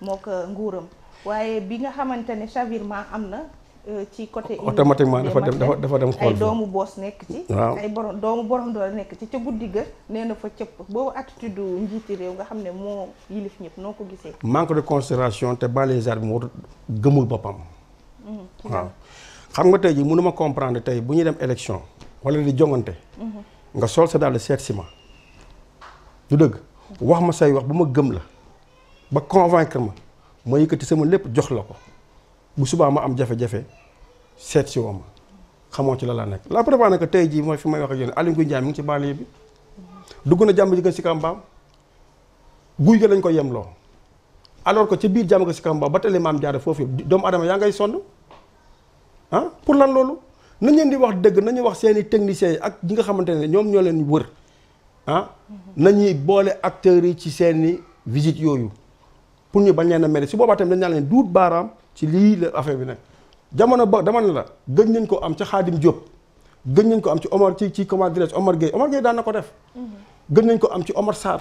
moo ko euh, nguuram waaye bi nga xamante ne chavirement am na Euh, ci côté. automatiquement dafa dem dafa dafa dem xool ay doomu boos nekk ci. waaw ay borom doomu borom doole nekk ci ca guddi ga. nee na fa cëpp boobu attitude njiiti réew nga xam ne moo yilif ñëpp noo ko gisee. manque de considération te banlieusard bi moo gëmul boppam. Mhm, waaw xam nga tey ji mënu ma tey bu ñuy dem élection wala di jongante. Mhm. nga sol sa dàll seet si ma. wax ma say wax bu ma gëm la ba convaincre ma ma yëkkati sama lépp jox la ko bu subaa ma am jafe-jafe. seet si woo ma xamoo ci la laa nekk la preuve nag tey jii mooy fi may wax ak yéen Aly Ngouille Ndiaye mi ngi ci banlieue bi dugg na jàmm ji gën si kàmbaam guy ga lañ ko yemloo alors que ci biir jàmm ga si kàmbaam ba tele maam jaare foofu doomu adama yaa ngay sonn ah pour lan loolu nañ leen di wax dëgg nañu wax seen i techniciens yi ak ñi nga xamante ne ñoom ñoo leen wër ah nañuy boole acteurs yi ci seeni i yooyu pour ñu bañ leen a mere si boobaa tamit dañ naan leen duut baaraam ci lii la affaire bi nag jamono ba dama ne la gëj nañ ko am ca Xaadim Diop gën nañ ko am ci Omar ci ci comment dirais Omar Gueye Omar Gueye daan na ko def. Mhm. gën nañ ko am ci Omar Sarr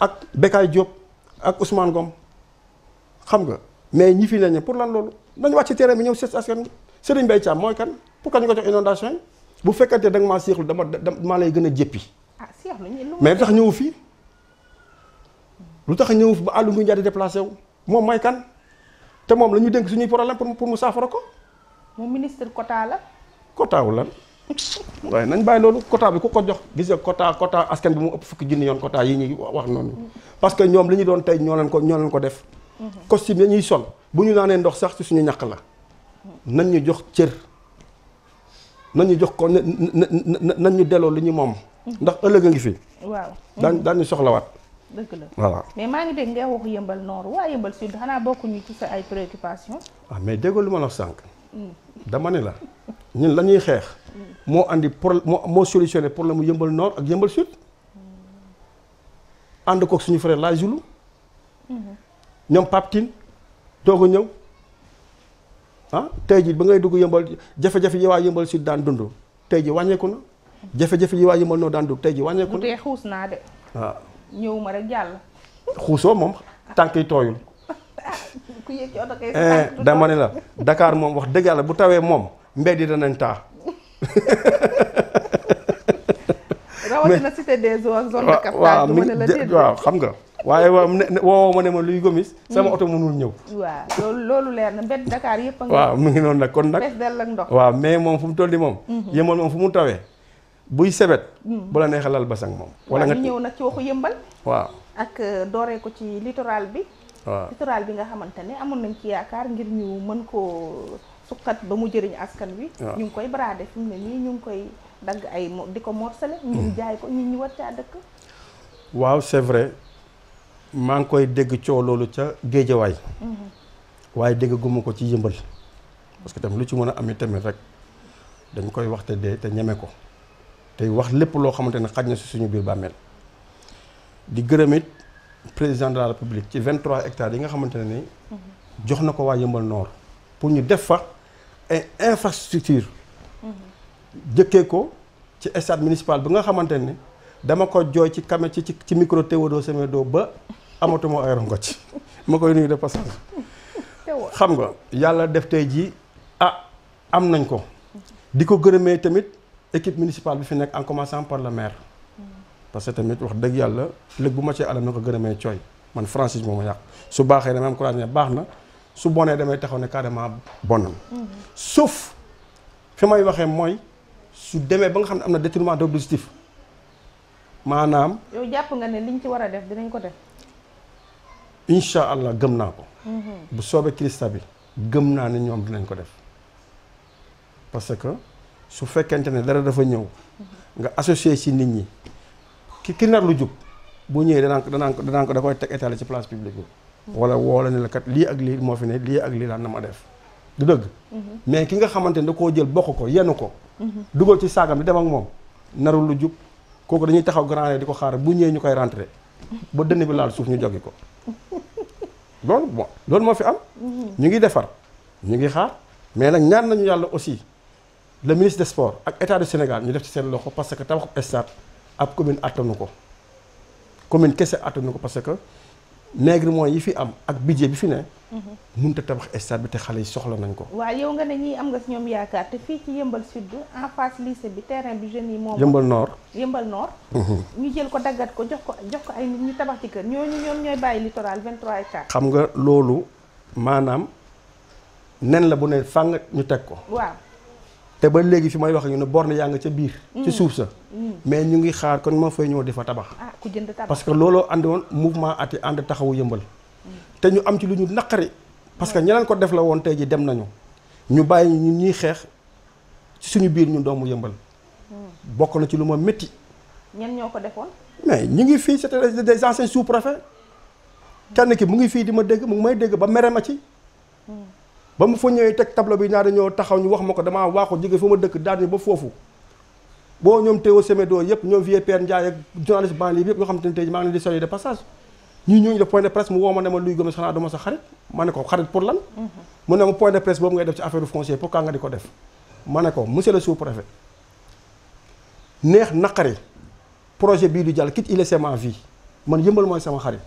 ak Bekaay Diop ak Ousmane Gom xam nga mais ñi fi nañ pour lan loolu nañ wàcc terrain bi ñëw seet askan bi Serigne Mbaye mooy kan pour ka ñu ko jox inondation bu fekkante da nga maa seexlu dama maa lay gën a jéppi. ah seexlu mais lu tax ñëw fii lu tax ñëw ba àll bu ñu jaar wu moom mooy kan. te moom lañu ñu dénk suñuy problème pour pour mu saafara ko. moom ministre quota la. quota wu lan waaye nañ bàyyi loolu quota bi ku ko jox gis nga quota askan bi mu ëpp fukki junni yoon quota yi ñuy wax noonu. parce que ñoom li ñu doon tey ñoo leen ko ñoo leen ko def. Mm-hmm. costume yi ñuy sol bu ñu naanee ndox sax ci suñu ñàkk la. nañ ñu jox cër. nañ ñu jox ko nañ ñu delloo li ñu moom. Mm-hmm. ndax ëllëg a ngi fi. waaw daan daan ñu soxlawaat. dëgg la voilà mais maa ngi dégg ngay wax yëmbal nord waa yëmbal sud xanaa bokkuñu ci sa ay préoccupations. waaw ah, mais déggoo lu ma la sànq. Hmm. dama ne la ñun la ñuy xeex. Hmm. moo andi pro moo moo solutionné problème mu yëmbal nord ak yëmbal sud. Hmm. ànd koog suñu frère laa Zulu. ñoom Pape Tine doog a ñëw ah tey jii ba ngay dugg yëmbal jafe-jafe yi waa yëmbal sud daan dund tey ji wàññeeku na. jafe-jafe yi waa yëmbal nord daan dund tey ji wàññeeku na. dee xuus naa de. Ah. ñëwuma rek jàll. xuusoo moom tànk yi tooyul. ku eh, dama ne la dakaar moom wax dëgg yàlla bu tawee moom mbedd yi danañ taa. rawatina cité des eaux la déet waaw xam nga. waaye waaw woo ma ne ma luy gomis sama mm. oto mënul ñëw. waaw loolu loolu leer na mbedd dakaar yëpp a ngi. waaw mu ngi noonu nag kon nag. dell ak ndox waaw mais moom fu mu toll nii moom. Mm-hmm. yëmal moom fu mu tawee. buy sebet. Hmm. bu la neexee lal moom. wala nga ñëw nag ci waxu yëmbal. waaw ak euh, dooree ko ci littoral bi. waaw bi nga xamante ne amoon nañ ci yaakaar ngir ñu mën koo suqat ba mu jëriñ askan wi. ñu ngi koy brader fi mu ne nii ñu ngi koy dagg ay di ko morcelé. ñu hmm. jaay ko ñu ñu war caa dëkk. waaw c'est vrai maa ngi koy dégg coow loolu ca géejawaay. Hmm. waaye dégg guma ko ci yëmbal. parce que tam lu ci mën a am tamit rek dañ koy waxte dee te ñeme ko. tey wax lépp loo xamante ne xaj na si suñu biir bàmmeel di gërëm it président de la république ci 23 ectares yi nga xamante ne ni jox na ko waa Yëmbal Noor pour ñu def fa ay infrastructure jëkkee ko ci stade municipal bi nga xamante ni dama ko jooy ci kame ci ci micro Théodore Semedo ba amatuma ay ci ma koy nuyu de passage xam nga yàlla def tey jii ah am nañ ko di ko gërëmee tamit équipe municipale bi fi nekk en commençant par le maire. parce que tamit wax dëgg yàlla lëg bu ma cee alam na ko gën a may cooy man franchise moom ma yàq su baaxee damay am courage ne baax na su bonee damay taxaw ne carrément bonam sauf fi may waxee mooy su demee ba nga xam ne am na détournement d'objectif maanaam. yow jàpp nga ne liñ ci war a def dinañ ko def. incha allah gëm naa ko. Mhm. bu soobee kirista bi gëm naa ne ñoom dinañ ko def su fekkente ne dara dafa ñëw nga associé si nit ñi ki ki nar lu jub bu ñëwee danaan ko danaan ko danaan ko da koy teg étalé ci place publique bi wala woola ne la kat lii ak lii moo fi ne lii ak lii daan na ma def du dëgg mm-hmm. mais ki nga xamante ne koo jël bokk ko yenn ko mm-hmm. dugal ci saagam di dem ak moom narul lu jub kooku dañuy taxaw grand di ko xaar bu ñëwee ñu koy rentré ba dënn bi laal suuf ñu jogi ko loolu bon loolu moo fi am mm-hmm. ñu ngi defar ñu ngi xaar mais nag ñaan nañu yàlla aussi le ministre des sports ak état du Sénégal ñu def ci seen loxo parce que tabaxu stade ab commune attanu ko commune kese attanu ko parce que maigre moyens yi fi am ak budget bi fi ne. mënut mhm. a tabax stade bi te xale yi soxla nañ ko. waaw yow nga ne ñii am nga si ñoom yaakaar te fii ci yëmbal sud en face lycée bi terrain bi jeunes yi moom. yëmbal noor yëmbal nord. Mhm. ñu jël ko daggat ko jox ko jox ko ay nit ñu tabax ci kër ñooñu ñoom ñooy bàyyi littoral 23 hectares. xam nga loolu maanaam nen la bu ne fàng ñu teg ko. waaw. te ba léegi fi may wax ñu ne borne yaa nga ca biir. Mm. ci suuf sa. Mm. mais ñu ngi xaar kon ma fay ñëw di fa tabax. Ah, ku jënd tabax parce que looloo ànd woon mouvement ati ànd taxawu yëmbal. Mm. te ñu am ci lu ñu naqari. parce que ñeneen ko def la woon tey ji dem nañu. ñu bàyyi ñu ñuy xeex ci suñu biir ñu doomu yëmbal. bokk na ci lu ma métti. ñenn ñoo ko defoon. mais ñu ngi fii c'était des anciens sous-préfets. kenn ki mu ngi fii di ma dégg mu ngi may dégg ba mere ma ci. ba mu fa ñëwee teg tableau bi ñaari ñoo taxaw ñu wax ma ko damaa waaxu jóge fa ma dëkk daal ñu ba foofu boo ñoom oo Semedo yëpp ñoom Vieux Père njaay ak journaliste banlieue yëpp yoo xam te ne tey maa ngi leen di saluer de passage ñii ñooñu def point de presse mu woo ma ne ma Louis Gomis xanaa duma sa xarit ma ne ko xarit pour lan mu ne ma point de presse boobu ngay def ci affaire foncier pourquoi nga di ko def ma ne ko monsieur le sous-préfet neex naqari projet bii du jàll quitte il est ma vie man yëmbal mooy sama xarit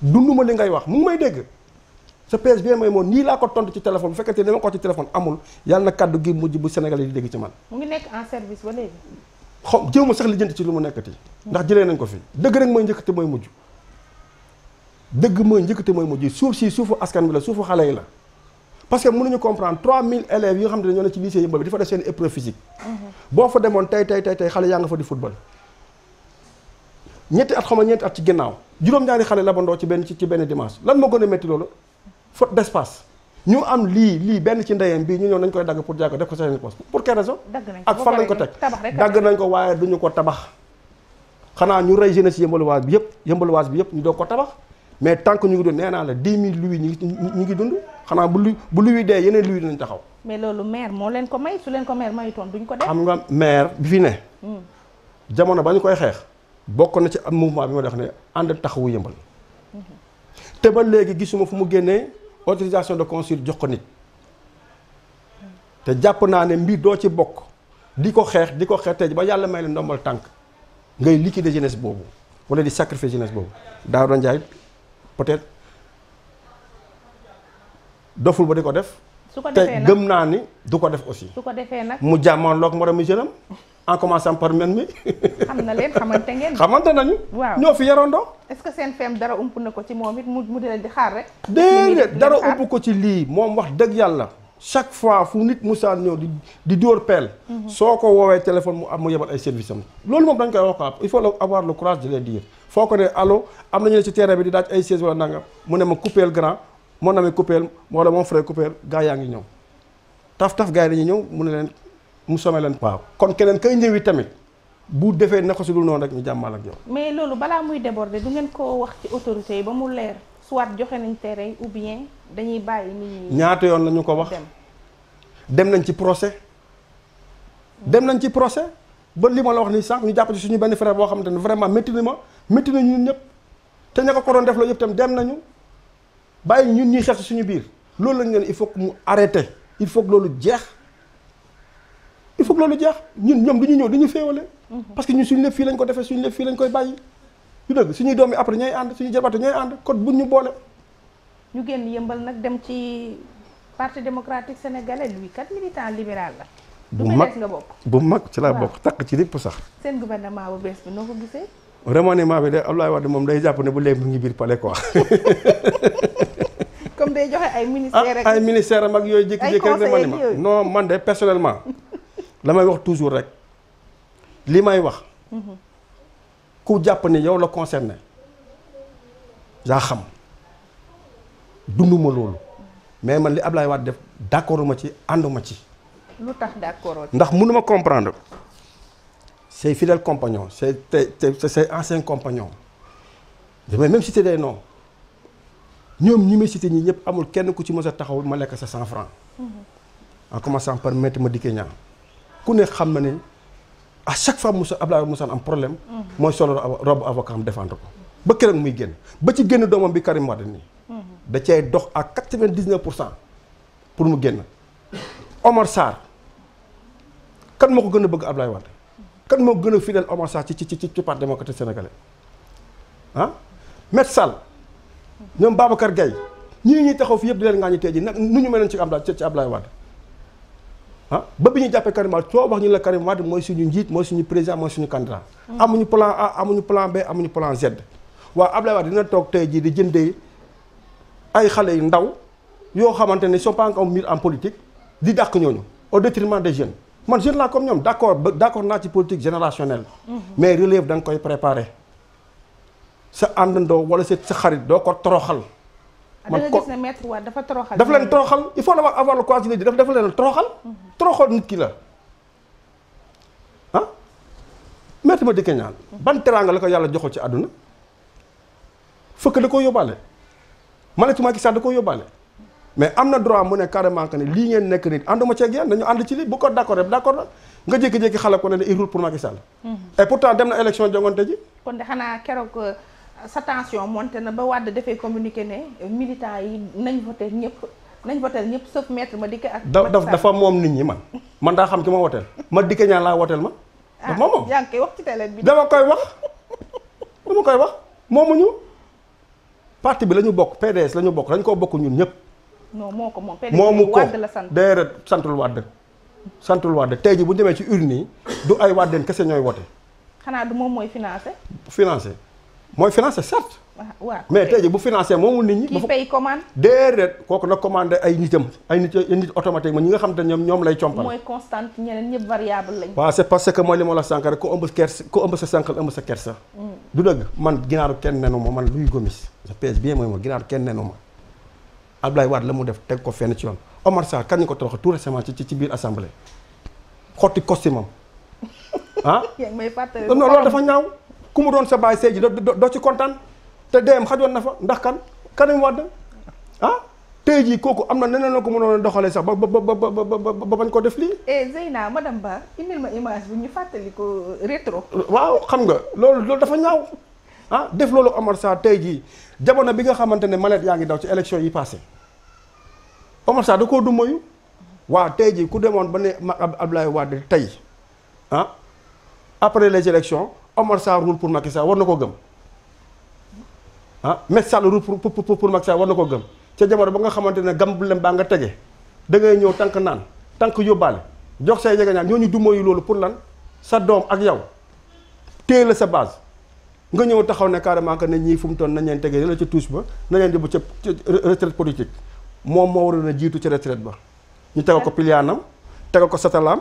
dund ma li ngay wax mu ngi may dégg sa PS bien mooy moom nii laa ko tontu ci téléphone bu fekkente ne ma ko ci téléphone amul yàlla na kaddu gi mujj bu Sénégal yi di dégg ci man. mu ngi nekk en service ba léegi. xaw jéem a li jënt ci ndax jëlee nañ ko fi dëgg rek mooy njëkkati mooy mujj. dëgg mooy njëkkati mooy mujj suuf si suuf suufu askan bi la suufu xale yi la. parce que mënuñu comprendre 3000 mille yi nga xam ne ñoo ne ci lycée yëmbal bi di fa def seen épreuve physique. Mm-hmm. boo fa demoon tey tey tey tey xale yaa nga fa di football. ñetti at xaw ma ñeenti at ci ginnaaw juróom-ñaari xale labandoo ci benn ci benn dimanche lan moo gën a métti faute d'espace ñu am lii lii benn ci ndeyam bii ñu ñëw nañ koy dagg pour jaay ko def ko seen poste pour quelle raison ak fan lañ ko teg dagg nañ ko waaye duñu ko tabax xanaa ñu rey jeunesse yëmbaluwaas bi yëpp yëmbaluwaas bi yëpp ñu doog ko tabax mais tant ñu ngi dund nee naa la dix mille louis ñu ñu ngi dund xanaa bu lu bu dee yeneen louis taxaw mais loolu maire moo leen ko may su leen ko maire mayutoon duñ ko def xam nga maire bi fi ne hmm. jamono ba ñu koy xeex bokk na ci am mouvement bi ma def ne ànd taxawu yëmbal hmm. te ba léegi gisuma fu mu génnee autorisation de construire jox ko nit te jàpp naa ne mbir doo ci bokk di ko xeex di ko xeex tey ba yàlla may la ndombal tànk ngay liquider jeunesse boobu wala di sacrifier jeunesse boobu Daouda Ndiaye peut-être doful ba di ko def. su ko te gëm naa ni du ko def aussi. su ko defee nag mu jàmmoon loog moromu jeune en commençant par man mi. xam na leen xamante ngeen. xamante nañu. waaw ñoo fi yarandoo. est-ce que seen feem dara ump na ko ci moom it mu di leen di xaar rek. déedéet dara ump ko ci lii moom wax dëgg yàlla. chaque fois fu nit musaan ñëw di di dóor peel. Mhm. soo ko woowee téléphone mu am mu yebal ay service am. loolu moom dañ koy wax quoi il faut avoir le courage de le dire foo ko ne allo am na ñu ne ci terrain bi di daaj ay chaise wala nangam mu ne ma coupeel grand mon ami coupeel wala mon frère coupeel gars yaa ngi ñëw mu some leen waaw kon keneen kay ñëwi tamit bu defee na ko si dul noonu rek ñu jàmmal ak yow. mais loolu balaa muy déborder du ngeen ko wax ci autorité yi ba mu leer soit joxe nañ terrain ou bien dañuy bàyyi nit ñaata yoon la ko wax dem nañ ci procès. dem nañ ci procès ba li ma la nii sànq ñu jàpp ci suñu benn frère boo xamante ne vraiment métti na ma métti na ñun ñëpp te ña ko ko doon def la yëpp tam dem nañu bàyyi ñun ñuy xeex suñu biir loolu lañ leen il faut que mu arrêté il faut que loolu jeex. il faut que loolu jeex ñun ñoom du ñu ñëw du ñu féewale mhm. parce que ñu suñu lépp fii lañ ko defee suñu lépp fii lañ koy bàyyi du dëgg suñuy doomi après ñooy ànd suñuy jabato ñooy ànd kon buñ ñu boole ñu génn yëmbal nag dem ci parti démocratique sénégalais lui kat militant libéral la bu mag nga bokk bu mag ci laa bokk takk ci lépp sax seen gouvernement bu bees bi noo ko gisee remaniement bi de wax Wade moom day jàpp ne bu léegi mu ngi biir palais quoi comme day joxe ay ministère ah, ak ay ministère am ak yooyu jëkk jékki rek remaniement non man de personnellement la may wax toujours rek li may wax mhm. ku jàpp ni yow la concerné yaa xam dunduma loolu mais man li Ablaye Wade def d'accord ma ci ànduma ci lu tax d'accord ndax mënuma comprendre ses fidèles compagnons ses ses ses anciens compagnons damay même cité des noms ñoom ñi may cité ñii ñëpp amul kenn ku ci mës a taxaw ma lekk sa cent francs mhm. en commençant par Maître Madické Niang ku ne xam na ne à chaque fois Moussa Abdoulaye Moussa am problème. mooy solo robu avocat am ko. ba këram muy génn ba ci génn doomam bi Karim Wade nii. da cay dox à quatre-vingt-dix-neuf pour cent pour mu génn. Omar Sarr kan moo ko gën a bëgg Abdoulaye Wade. kan moo gën a fidèle Omar Sarr ci ci ci ci parti démocratique sénégalais ah Maître Sall ñoom Babacar Gueye ñuy taxaw fi yëpp di leen ngaañu tey ji nag nu ñu mel ci Abdoulaye ci Abdoulaye Wade. ah ba bi ñu jàppee Karim Wade soo wax ñu la Karim Wade mooy suñu njiit mooy suñu président mooy suñu candidat mm. amuñu plan A amuñu plan B amuñu plan Z waaw Abdoulaye Wade dina toog tey jii di jëndee ay xale yu ndaw yoo xamante ne sont pas encore mûrs en politique di dàq ñooñu au détriment des jeunes man jeune laa comme ñoom d' accord d' accord naa ci politique générationnelle mm-hmm. mais relève da koy préparer sa àndandoo wala sa sa xarit doo ko toroxal Ah, man ne maître Wade dafa toroxal. dafa leen toroxal il faut avoir avoir le courage de dafa leen toroxal. Mhm. toroxal nit ki la ah. maître Madické Niang ban teraanga la ko yàlla joxo ci àdduna fëkk da koo yóbbaale Malick Macky Sall da koo yóbbaale mais am na droit mu ne carrément que ne lii ngeen nekk nit ànduma ceeg yéen dañu ànd ci lii bu ko d' accord rek d' accord la nga jékki-jékki xale ko ne il roule pour Macky Sall. Mhm. et pourtant dem na élection jongante ji. kon de xanaa keroog. Euh, sa tension monté na ba wàdd defee communiqué ne euh, militant yi nañ voté ñëpp nañ voté ñëpp sauf maître Madické ak. da dafa moom nit ñi man man daa xam ci ma woteel Madické ñaan laa woteel ma. Ah, daf ma moom yaa ngi koy wax ci télé bi. dama koy wax dama koy wax moomuñu parti bi la bokk PDS la ñu bokk dañ koo bokk ñun ñëpp. non moo ko moom moomu ko déedéet santul wàdd santul wàdd tey ji bu ñu demee ci urne yi du ay wàddeen kese ñooy wote. xanaa du moom mooy financé. financé. mooy financé certes. mais tey jii bu financé moomul nit ñi. kii paye commande. déedéet kooku na commandé ay nitam ay nit ay nit automatiquement ñi nga xam te ñoom ñoom lay. compal mooy constante ñeneen ñëpp variable lañ. waaw c'est parce que mooy li ma la sànq rek ku ëmb kersa ku ëmb sa sànqal ëmb sa kersa. Mm. du dëgg man ginaaru kenn nenu ma man luy gomis je mooy ma ginaaru kenn nenu ma Abdoulaye Wade la mu def teg ko fenn ci yoon Omar Sarr kan ñu ko torox tout récemment ci ci biir assemblée xotti costume am ah. yaa ngi ku mu doon sa baay sëy ji doo ci kontaan te deem xajoon na fa ndax kan kanam Wade ah tey jii kooku am na neneen la ko mënoon doxalee sax ba ba ba ba bañ ko def lii. eh Zeyna madame Ba indil ma image bu ñu ko rétro. waaw xam nga loolu loolu dafa ñaaw ah def loolu Omar Sarr tey jii jamono bi nga xamante ne mallette yaa ngi daw ci élection yi passé Omar Sarr da koo dummayu waa tey ji ku demoon ba ne Abdoulaye Wade tey ah après les élections. Omar Sarr roule pour Macky saa war na koo gëm ah Macky Sall pour pour pour Macky war na koo gëm ca jamono ba nga xamante ne gambulem baa nga tege da ngay ñëw tànk naan tànk yóbbaale jox say jegeñaal ñu dumóoyu loolu pour lan sa doom ak yow téye la sa base nga ñëw taxaw ne carrément que ne ñii fu mu toon nañ leen tegee la ca touche ba nañ leen yóbbu ca retraite politique moom moo waroon na jiitu ca retraite ba ñu tegal ko piliyaanam tegal ko satalaam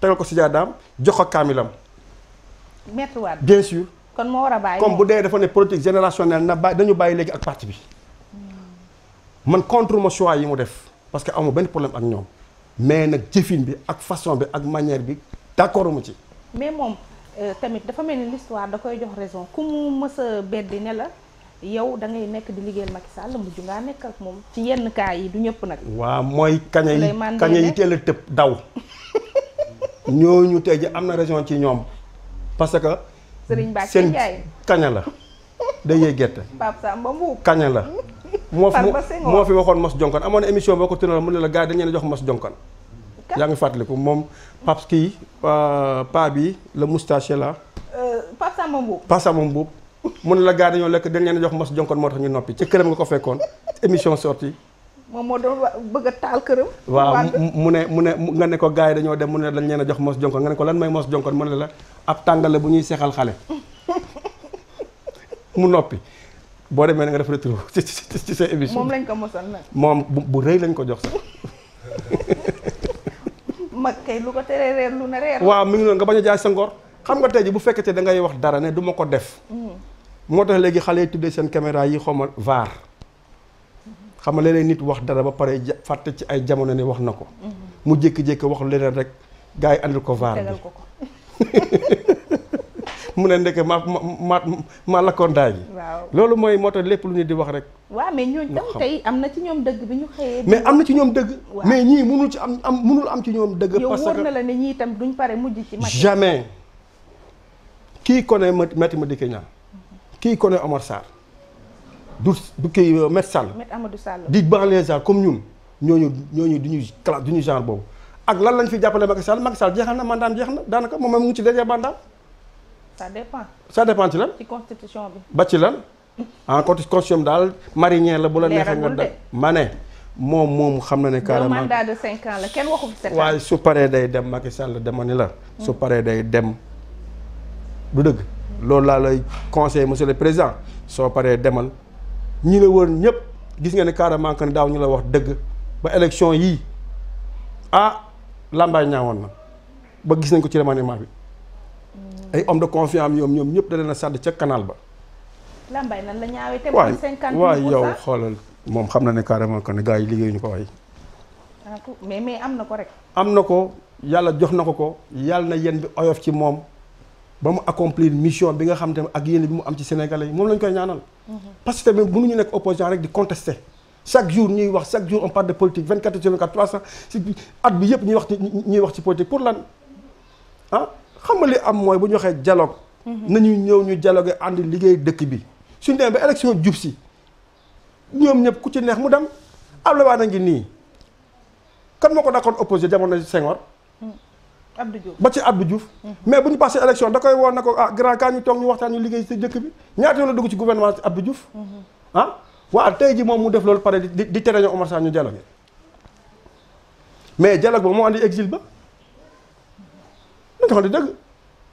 tegal ko sijaadaam jox ko kaamilam Maître Wade bien sûr. kon moo war a bàyyi comme bu dee dafa ne politique générationnelle na bàyyi dañu bàyyi léegi ak parti bi. Hmm. man contre ma choix yi mu def parce que amu benn problème ak ñoom mais nag jëfin bi ak façon bi ak manière bi d'accord mu ci. mais moom euh, tamit dafa mel ni l'histoire da koy jox raison ku mu mës a la yow da ngay nekk di liggéeyal Macky Sall mujj ngaa nekk moom ci yenn cas yi ñëpp nag. waaw mooy kaña yi kaña yi teel a daw. ñooñu tey ji am na raison ci ñoom. parce que. Serigne Mbacke seen kaña la day yee gerte. Pape Samba Mbuub kaña la. moo fi moo fi waxoon Mas Jonkon amoon na émission boo ko tëral mu ne la gars yi dañu leen jox Mas Jonkon. yaa ngi fàttaliku moom Pape kii euh, euh, Pape bi la moustache la. Pape Samba Mbuub Pape Samba Mbuub mu ne la gars dañoo lekk dañu leen jox Mas Jonkon moo tax ñu noppi ci këram nga ko fekkoon émission sortie moom moo doon bëgg a taal këram. waaw mu ne mu ne nga ne ko gars yi dañoo dem mu ne lañ leen a jox mos jonkon nga ne ko lan may mos jonkon mu ne la ab tàngale bu ñuy seexal xale. mu noppi boo demee na nga def retour sa émission. moom lañ ko mosal moom bu rëy lañ ko jox sax. mag kay lu ko teree reer lu ne reer. waaw mi ngi noonu nga bañ a jaay sa ngor. xam nga tey ji bu fekkee da ngay wax dara ne duma ko def. Mm. moo tax léegi xale yi tuddee seen caméra yi xomal vaar. xam nga léeg nit wax dara ba pare fàtte ci ay jamono ne wax na ko. Mm-hmm. mu jékki-jékki waxul leneen rek gars yi andil ko vaar bi mu ne ndeke ma ma ma lakkoon bi gi. loolu mooy moo tax lépp lu nit di wax rek. waa mais ñooñu tam tey am na ci ñoom dëgg bi ñu xëyee. mais am na ci ñoom dëgg. mais ñii mënul ci am am mënul am ci ñoom dëgg. parce que yow wóor na la ne ñii itam duñ pare mujj ci. jamais kii connaît Maître Madické mm-hmm. kii connaît Omar Sarr. du du kii euh, Maître Sall. Maître Amadou Sall di banlieusard comme ñun ñooñu ñooñu du ñu classe du genre boobu. ak lan lañ fi jàppale Macky Sall Macky Sall jeexal na mandaam jeex na daanaka moom mu ngi ci dernier mandat. sa dépend. ça dépend ci lan. ci constitution bi. ba ci lan en constitution daal marinier la bu la neexee nga def ma ne. moom moom xam na ne carrément mandat de la kenn waxu sept ans waaye su paree day dem Macky Sall dama ni la. su hmm. paree day dem du dëgg. loolu laa lay conseil monsieur le président soo paree demal. ñu ne wër ñëpp gis nga ne carrément ne daaw ñu la wax dëgg ba élection yii ah làmbaay ñaawoon na ba gis nañ ko ci remaniement bi mm. ay homme de confiance am ñoom ñoom ñëpp da a sàdd ca kanaal ba. làmbaay nan la ñaawee te moom yow xoolal moom xam na ne carrément que ne gars yi liggéeyuñu ko waay. Ah, mais mais am na ko rek. am na ko yàlla jox na ko ko yàlla na yéen bi oyof ci moom. ba mu accomplir mission bi nga xam te ak yéen bi mu am ci sénégalais yi moom lañ koy ñaanal. Mhm. parce que tamit mënuñu nekk opposant rek di contester chaque jour ñuy wax chaque jour on parle de politique 24 sur 24 300 si at bi yëpp ñuy wax ñuy wax ci politique pour lan ah xam nga li am mooy bu ñu waxee dialogue. Mhm. nañu ñëw ñu dialogue ànd liggéey dëkk bi suñu demee ba élection jub si ñoom ñëpp ku ci neex mu dem Abdoulaye Wade a ngi nii kan moo ko dàqoon opposé jamono Senghor. Abdou Diouf ba ci Abdou Diouf. Mhm. mais bu ñu passé élection da koy woon na ko ah grand cas ñu toog ñu waxtaan ñu liggéey si dëkk bi ñaata yoon la dugg ci gouvernement ci Abdou Diouf. Mhm. ah waaw tey ji moom mu def loolu pare di di tere ñu Omar Sarr ñu dialogue mais dialogue ba moo andi exil ba nga xam ne dëgg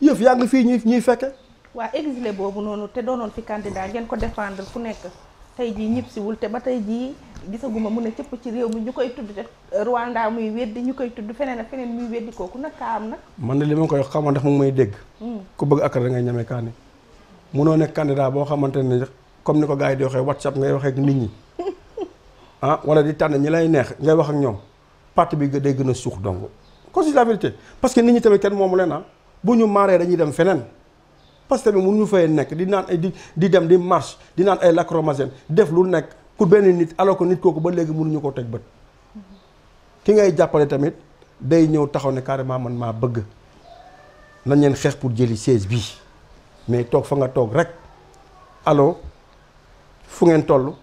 yëf yaa ngi fii ñuy ñuy fekke. waa exilé boobu noonu te doonoon fi candidat ngeen ko défendre fu nekk. tey jii ñib siwul te ba tey jii gisaguma mun ne cëpp ci réew mi ñu koy tudd te euh, Rwanda muy weddi ñu koy tudd feneen ak feneen muy weddi kooku nag kaa am nag. man na li ma koy xamoon ndax mu ngi may dégg. Hmm. ku bëgg akara da ngay ñame kaani. munoo nekk candidat boo xamante ne comme ni ko gars yi di waxee whatsapp ngay waxee ak nit ñi ah wala di tànn ñi lay neex ngay wax ak ñoom parti bi day gën a suux dong. c'est la vérité parce que nit ñi tamit kenn moomu leen ah bu ñu maaree dañuy dem feneen. parce que tamit ñu fay nekk di naan ay di di dem di marche di naan ay lacrymogène def lu nekk pour benn nit alors ko nit kooku ba léegi mënuñu koo teg bët ki ngay jàppale tamit day ñëw taxaw ne carrément man maa bëgg nañ leen xeex pour jëli siège bii mais toog fa nga toog rek allo fu ngeen toll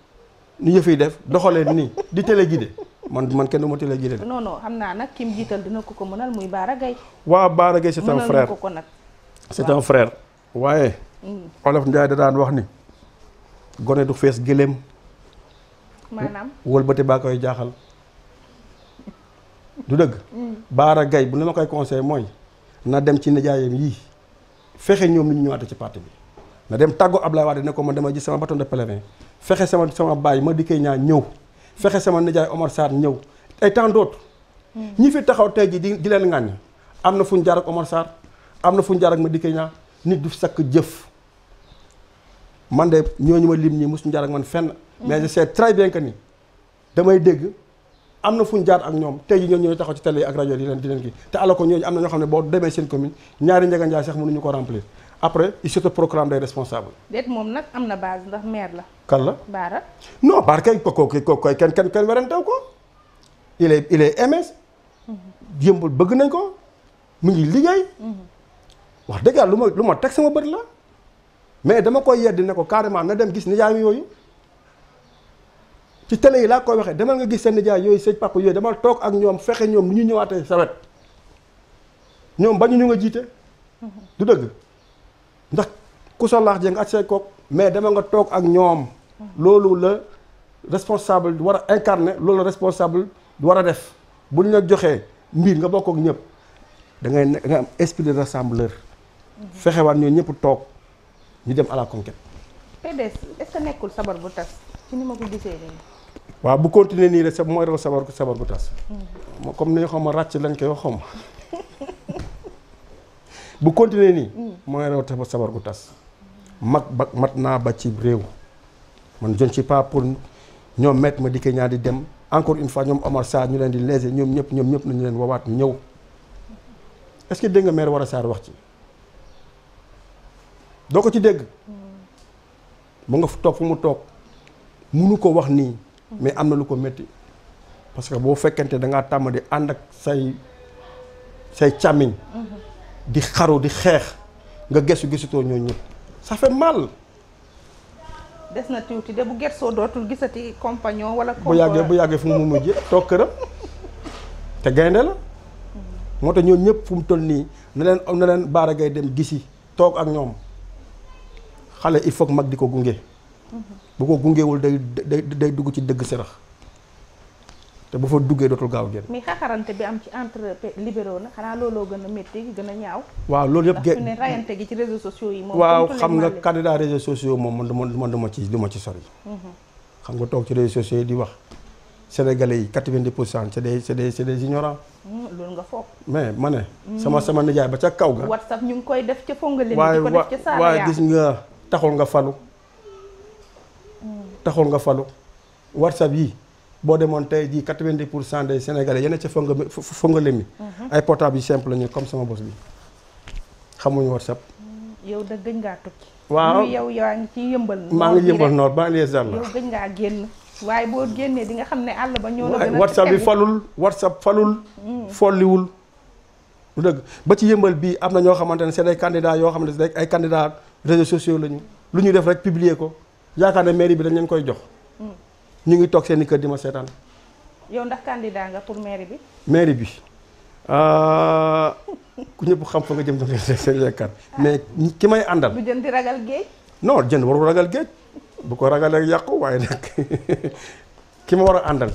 nu yëf yi def doxaleen nii di téléguidé man man kenn du ma téléguidé de. non non xam naa nag kim jiital dina ko ko mënal muy Baara Gaye. waaw Baara Gaye c'est un frère mënal ko ko nag. c'est un frère. waaye olof Njaay da daan wax ni gone du fees gëléem maanaam wëlbati baa koy jaaxal du dëgg baara gay bu la ma koy conseil mooy na dem ci nijaayam yii fexe ñoom ni ñu ñëwaate ci parti bi na dem tàggoo tàggu Ablaye Wade ne ko man dama gis sama bâton de pèlerin fexe sama sama baay ma dikkee ñaa ñëw fexe sama nijaay Omar Sarr ñëw ay tant hmm. ñi fi taxaw tey ji di di leen ŋàññ am na fu ñu jaar ak Omar Sarr am na fu ñu ak ma dikkee ñaa nit du sakk jëf man de ñooñu ma lim ñi mosuñu jaar ak man fenn. mais je sais très bien que ni damay dégg am na fu ñu ak ñoom tey jii ñooñu ñooy taxaw ci télé yi ak rajo di leen di leen kii te ala ko ñooñu am na ñoo xam ne boo demee seen commune ñaari Ndiaga Ndiaye sax mënuñu ko remplir après il se proclame des responsables. déet moom nag am na base ndax maire la. kan la Baara. non Baara kay ko kooku kooku kenn kenn kenn werantew ko il est il est MS. Mhm. yëmbul bëgg nañ ko wax dëgg lu ma lu ma teg sama bët la mais dama koy yedd ne ko carrément na dem gis nijaayam yooyu ci télé yi laa koy waxee demal nga gis seen nijaay yooyu sëñ papa yooyu demal toog ak ñoom fexe ñoom nu ñu ñëwaatee sa ñoom bañu ñu nga jiite. du dëgg ndax ku sa laax nga ak say kook mais dama nga toog ak ñoom. loolu la responsable war a incarner loolu la responsable war a def bu ñu la joxee mbir nga bokkook ñëpp da ngay da nga am esprit de rassembleur. fexewaat ñoo ñëpp toog ñu dem à la conquête. PDS est nekkul sabar bu tas ci ni ma ko gisee waaw bu continuer nii rek mooy raw sabar sabar bu tas. Hmm. comme ni xam ma ràcc lañ koy wax xam bu continuer nii. Hmm. mooy raw tax sabar bu tas. mag ba mat naa ba ci réew. man je ci suis pour ñoom met ma dikkee ñaar di dem encore une fois ñoom Omar Sarr ñu leen di léser ñoom ñëpp ñoom ñëpp nañu leen woowaat ñëw est-ce que dégg nga maire Wara Sarr wax ci. doo ko ci dégg mu nga toog fu mu toog munu ko wax nii mais am na lu ko métti parce que boo fekkente da ngaa tàmm di ànd ak say say càmmiñ di xaru di xeex nga gesu gisutoo ñoo ñëpp ça fait mal des na tuuti de bu gersoo dootul gisati compagnon wala bu yàggee bu yàggee fu mu mujjee toog këram te gaynde la moo tax ñoo ñëpp fu mu toll nii na leen na leen baara ngay dem gisi toog ak ñoom xale il faut mag di ko gunge bu ko gungewul day day day dugg ci dëgg sërax te bu fa duggee dootul gaaw génn. mais xaxarante bi am ci entre libéraux na xanaa looloo gën a métti gën a ñaaw. waaw loolu yëpp ge ne rayante gi ci réseaux sociaux yi. moom waaw xam nga candidat réseaux sociaux moom man dama man ci duma ci sori. Mhm. xam nga toog ci réseaux sociaux yi di wax sénégalais yi quatre-vingt-dix pour cent c'est des c'est des c'est des ignorants. Mhm, loolu nga foog. mais ma ne. Mhm. sama sama nijaay ba ca kaw ga. whatsapp ñu ngi koy taxul nga falu taxul nga falu whatsapp yi boo demoon tey jii quatre-vingt-dix pour cent des sénégalais yenn ca fonga fonga lemi mhm. ay portable yu simple la ñu comme sama bos bi xamuñu whatsapp yow da gëj ngaa tukki waaw yow yaa ngi ci yëmbal maa ngi yëmbal waaye boo génnee di xam ne àll ba ñoo la gën a whatsapp bi falul whatsapp falul mm. folliwul lu dëgg ba ci yëmbal bii am na ñoo xamante ne c'est des yoo xam ne ay candidats réseaux sociaux lañu lu ñu def rek publier ko yaakaar ne mairie bi dañ leen koy jox. Hmm. ñu ngi toog seen i kër di ma seetaan. yow ndax candidat nga pour mairie bi. mairie bi ah, ku ñëpp xam fa nga jëm seen yaakaar mais ki may àndal. du jënd di ragal géej. non jënd warul ragal géej bu ko ragalee yàqu waaye nag ki ma war a àndal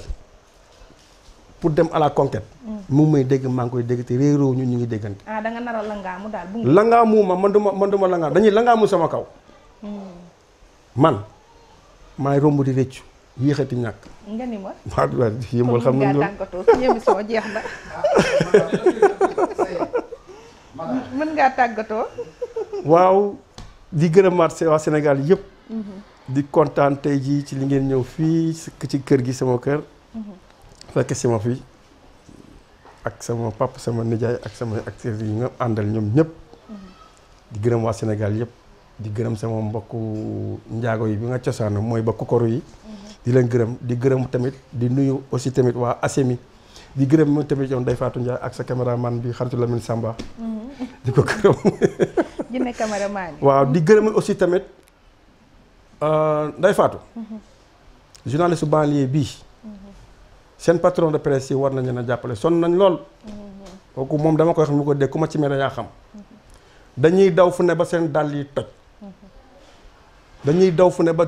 pour dem à la conquête. mu mm. dégg maa ngi koy dégg te réeróo ñu ñu ngi déggante. ah da nga a langaamu daal. langaamu ma man duma man duma langaam dañuy langaamu sama kaw. Mm. man maay romb di rëccu yéexati ñàkk. nga ma. waaw waaw yëmbal xam jeex na. mën ngaa tàggatoo. waaw di gërëmaat waa Sénégal yëpp. Mm-hmm. di kontaan tey jii ci li ngeen ñëw fii ci kër gi sama kër. Mm-hmm. fekk si ma fi ak sama pap sama nijaay ak sama acteurs yi nga àndal ñoom ñëpp. Mm-hmm. di gërëm waa Sénégal yëpp. di gërëm sama mbokku njaago yi bi nga cosaanu mooy ba kokoru yi. Mm-hmm. di leen gërëm di gërëm tamit di nuyu aussi tamit waa ASEMI. di gërëm moom tamit yow Ndeye Fatou ak sa caméraman bi xaritu Lamine Samba. Mm-hmm. di ko gërëm. di waaw di gërëm aussi tamit euh, Ndeye Fatou. journaliste banlieue bii. seen patron de presse yi war nañ leen a jàppale son nañ lool. kooku moom dama koy xam mu ko dégg ku ma ci mere yaa xam. dañuy daw fu ne ba seen dàll yi toj. dañuy daw fu ne ba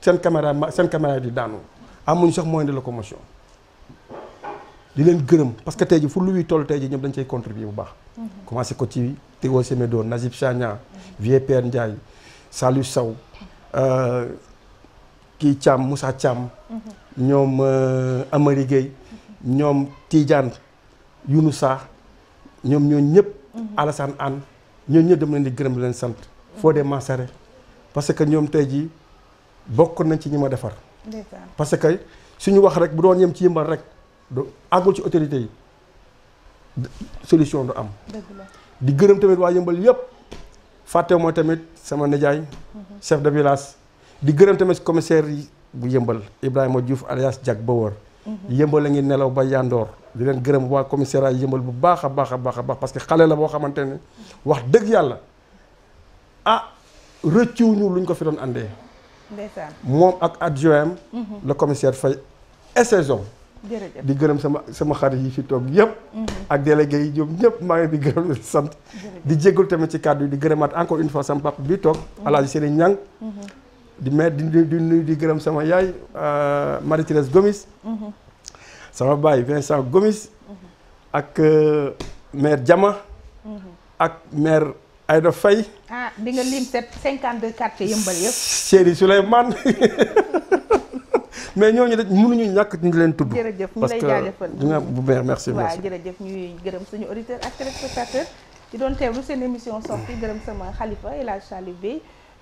seen caméra seen caméra di daanu amuñ sax moyen de locomotion di leen gërëm parce que tey ji fu luy toll tey ji ñoom dañ cay contribuer bu baax. commencé ko ci Tego Semedo Najib Sagna Vieux Père Ndiaye Salou Sow euh, kii Thiam Moussa Thiam. ñoom euh, Amary Gueye ñoom Tidiane Younou Sarr ñoom ñoo ñëpp mhm. Alassane Anne ñoo ñëpp dem leen di gërëm leen sant foo mhm. Fodé Massaré parce que ñoom tey jii bokk nañ ci ñi ma defar parce que suñu wax rek bu doon yem ci yëmbal rek du àggul ci autorité yi solution du am di gërëm tamit waa yëmbal yëpp fàttewu mooy tamit sama nijaay mhm. chef de village di gërëm tamit commissaire yi bu yëmbal Ibrahima Diouf alias Jack Bauer yëmbal a ngi nelaw ba yandoor di leen gërëm waa commissariat yëmbal bu baax a baax a baax a baax parce que xale la boo xamante ne wax dëgg yàlla ah rëccuwuñu luñ ko fi doon àndee moom ak adjoint mhm. le commissaire Faye et di gërëm sama sama xarit yi fi toog yëpp mhm. ak délégué yi ñoom ñëpp maa ngi di gërëm di sant di jéggul tamit ci kàddu yi di at encore une fois sama papa bi toog mhm. alaaji Serigne Niang di ma di di di gërëm sama yaay euh, Marie Thérèse Gomis mhm. sama vingt Vincent Gomis mhm. ak euh, maire Diama mhm. ak maire Aïda Faye ah di nga lim set cinquante deux quartiers yëmbal yëpp Chéri Souleymane mais ñooñu dañ mënuñu ñàkk ñu leen tudd. jërëjëf ñu lay jaajëfal parce que nga bu baax merci. waaw jërëjëf ñuy gërëm suñu auditeur ak téléspectateur di doon teewlu seen émission sortie gërëm sama xalifa El Hadj Salif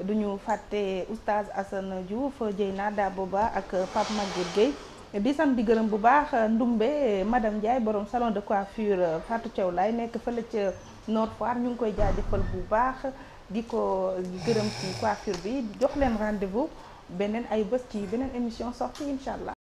duñu fàtte oustaz Assane Diouf Dieyna Dabo Ba ak Pape Maguette Gueye di sant di gërëm bu baax Ndumbe madame Ndiaye borom salon de coiffure Fatou Thiaw laay nekk fële ca Nord Foire ñu ngi koy jaajëfal bu baax di ko gërëm ci coiffure bi jox leen rendez-vous beneen ay bés ci beneen émission sortie incha allah.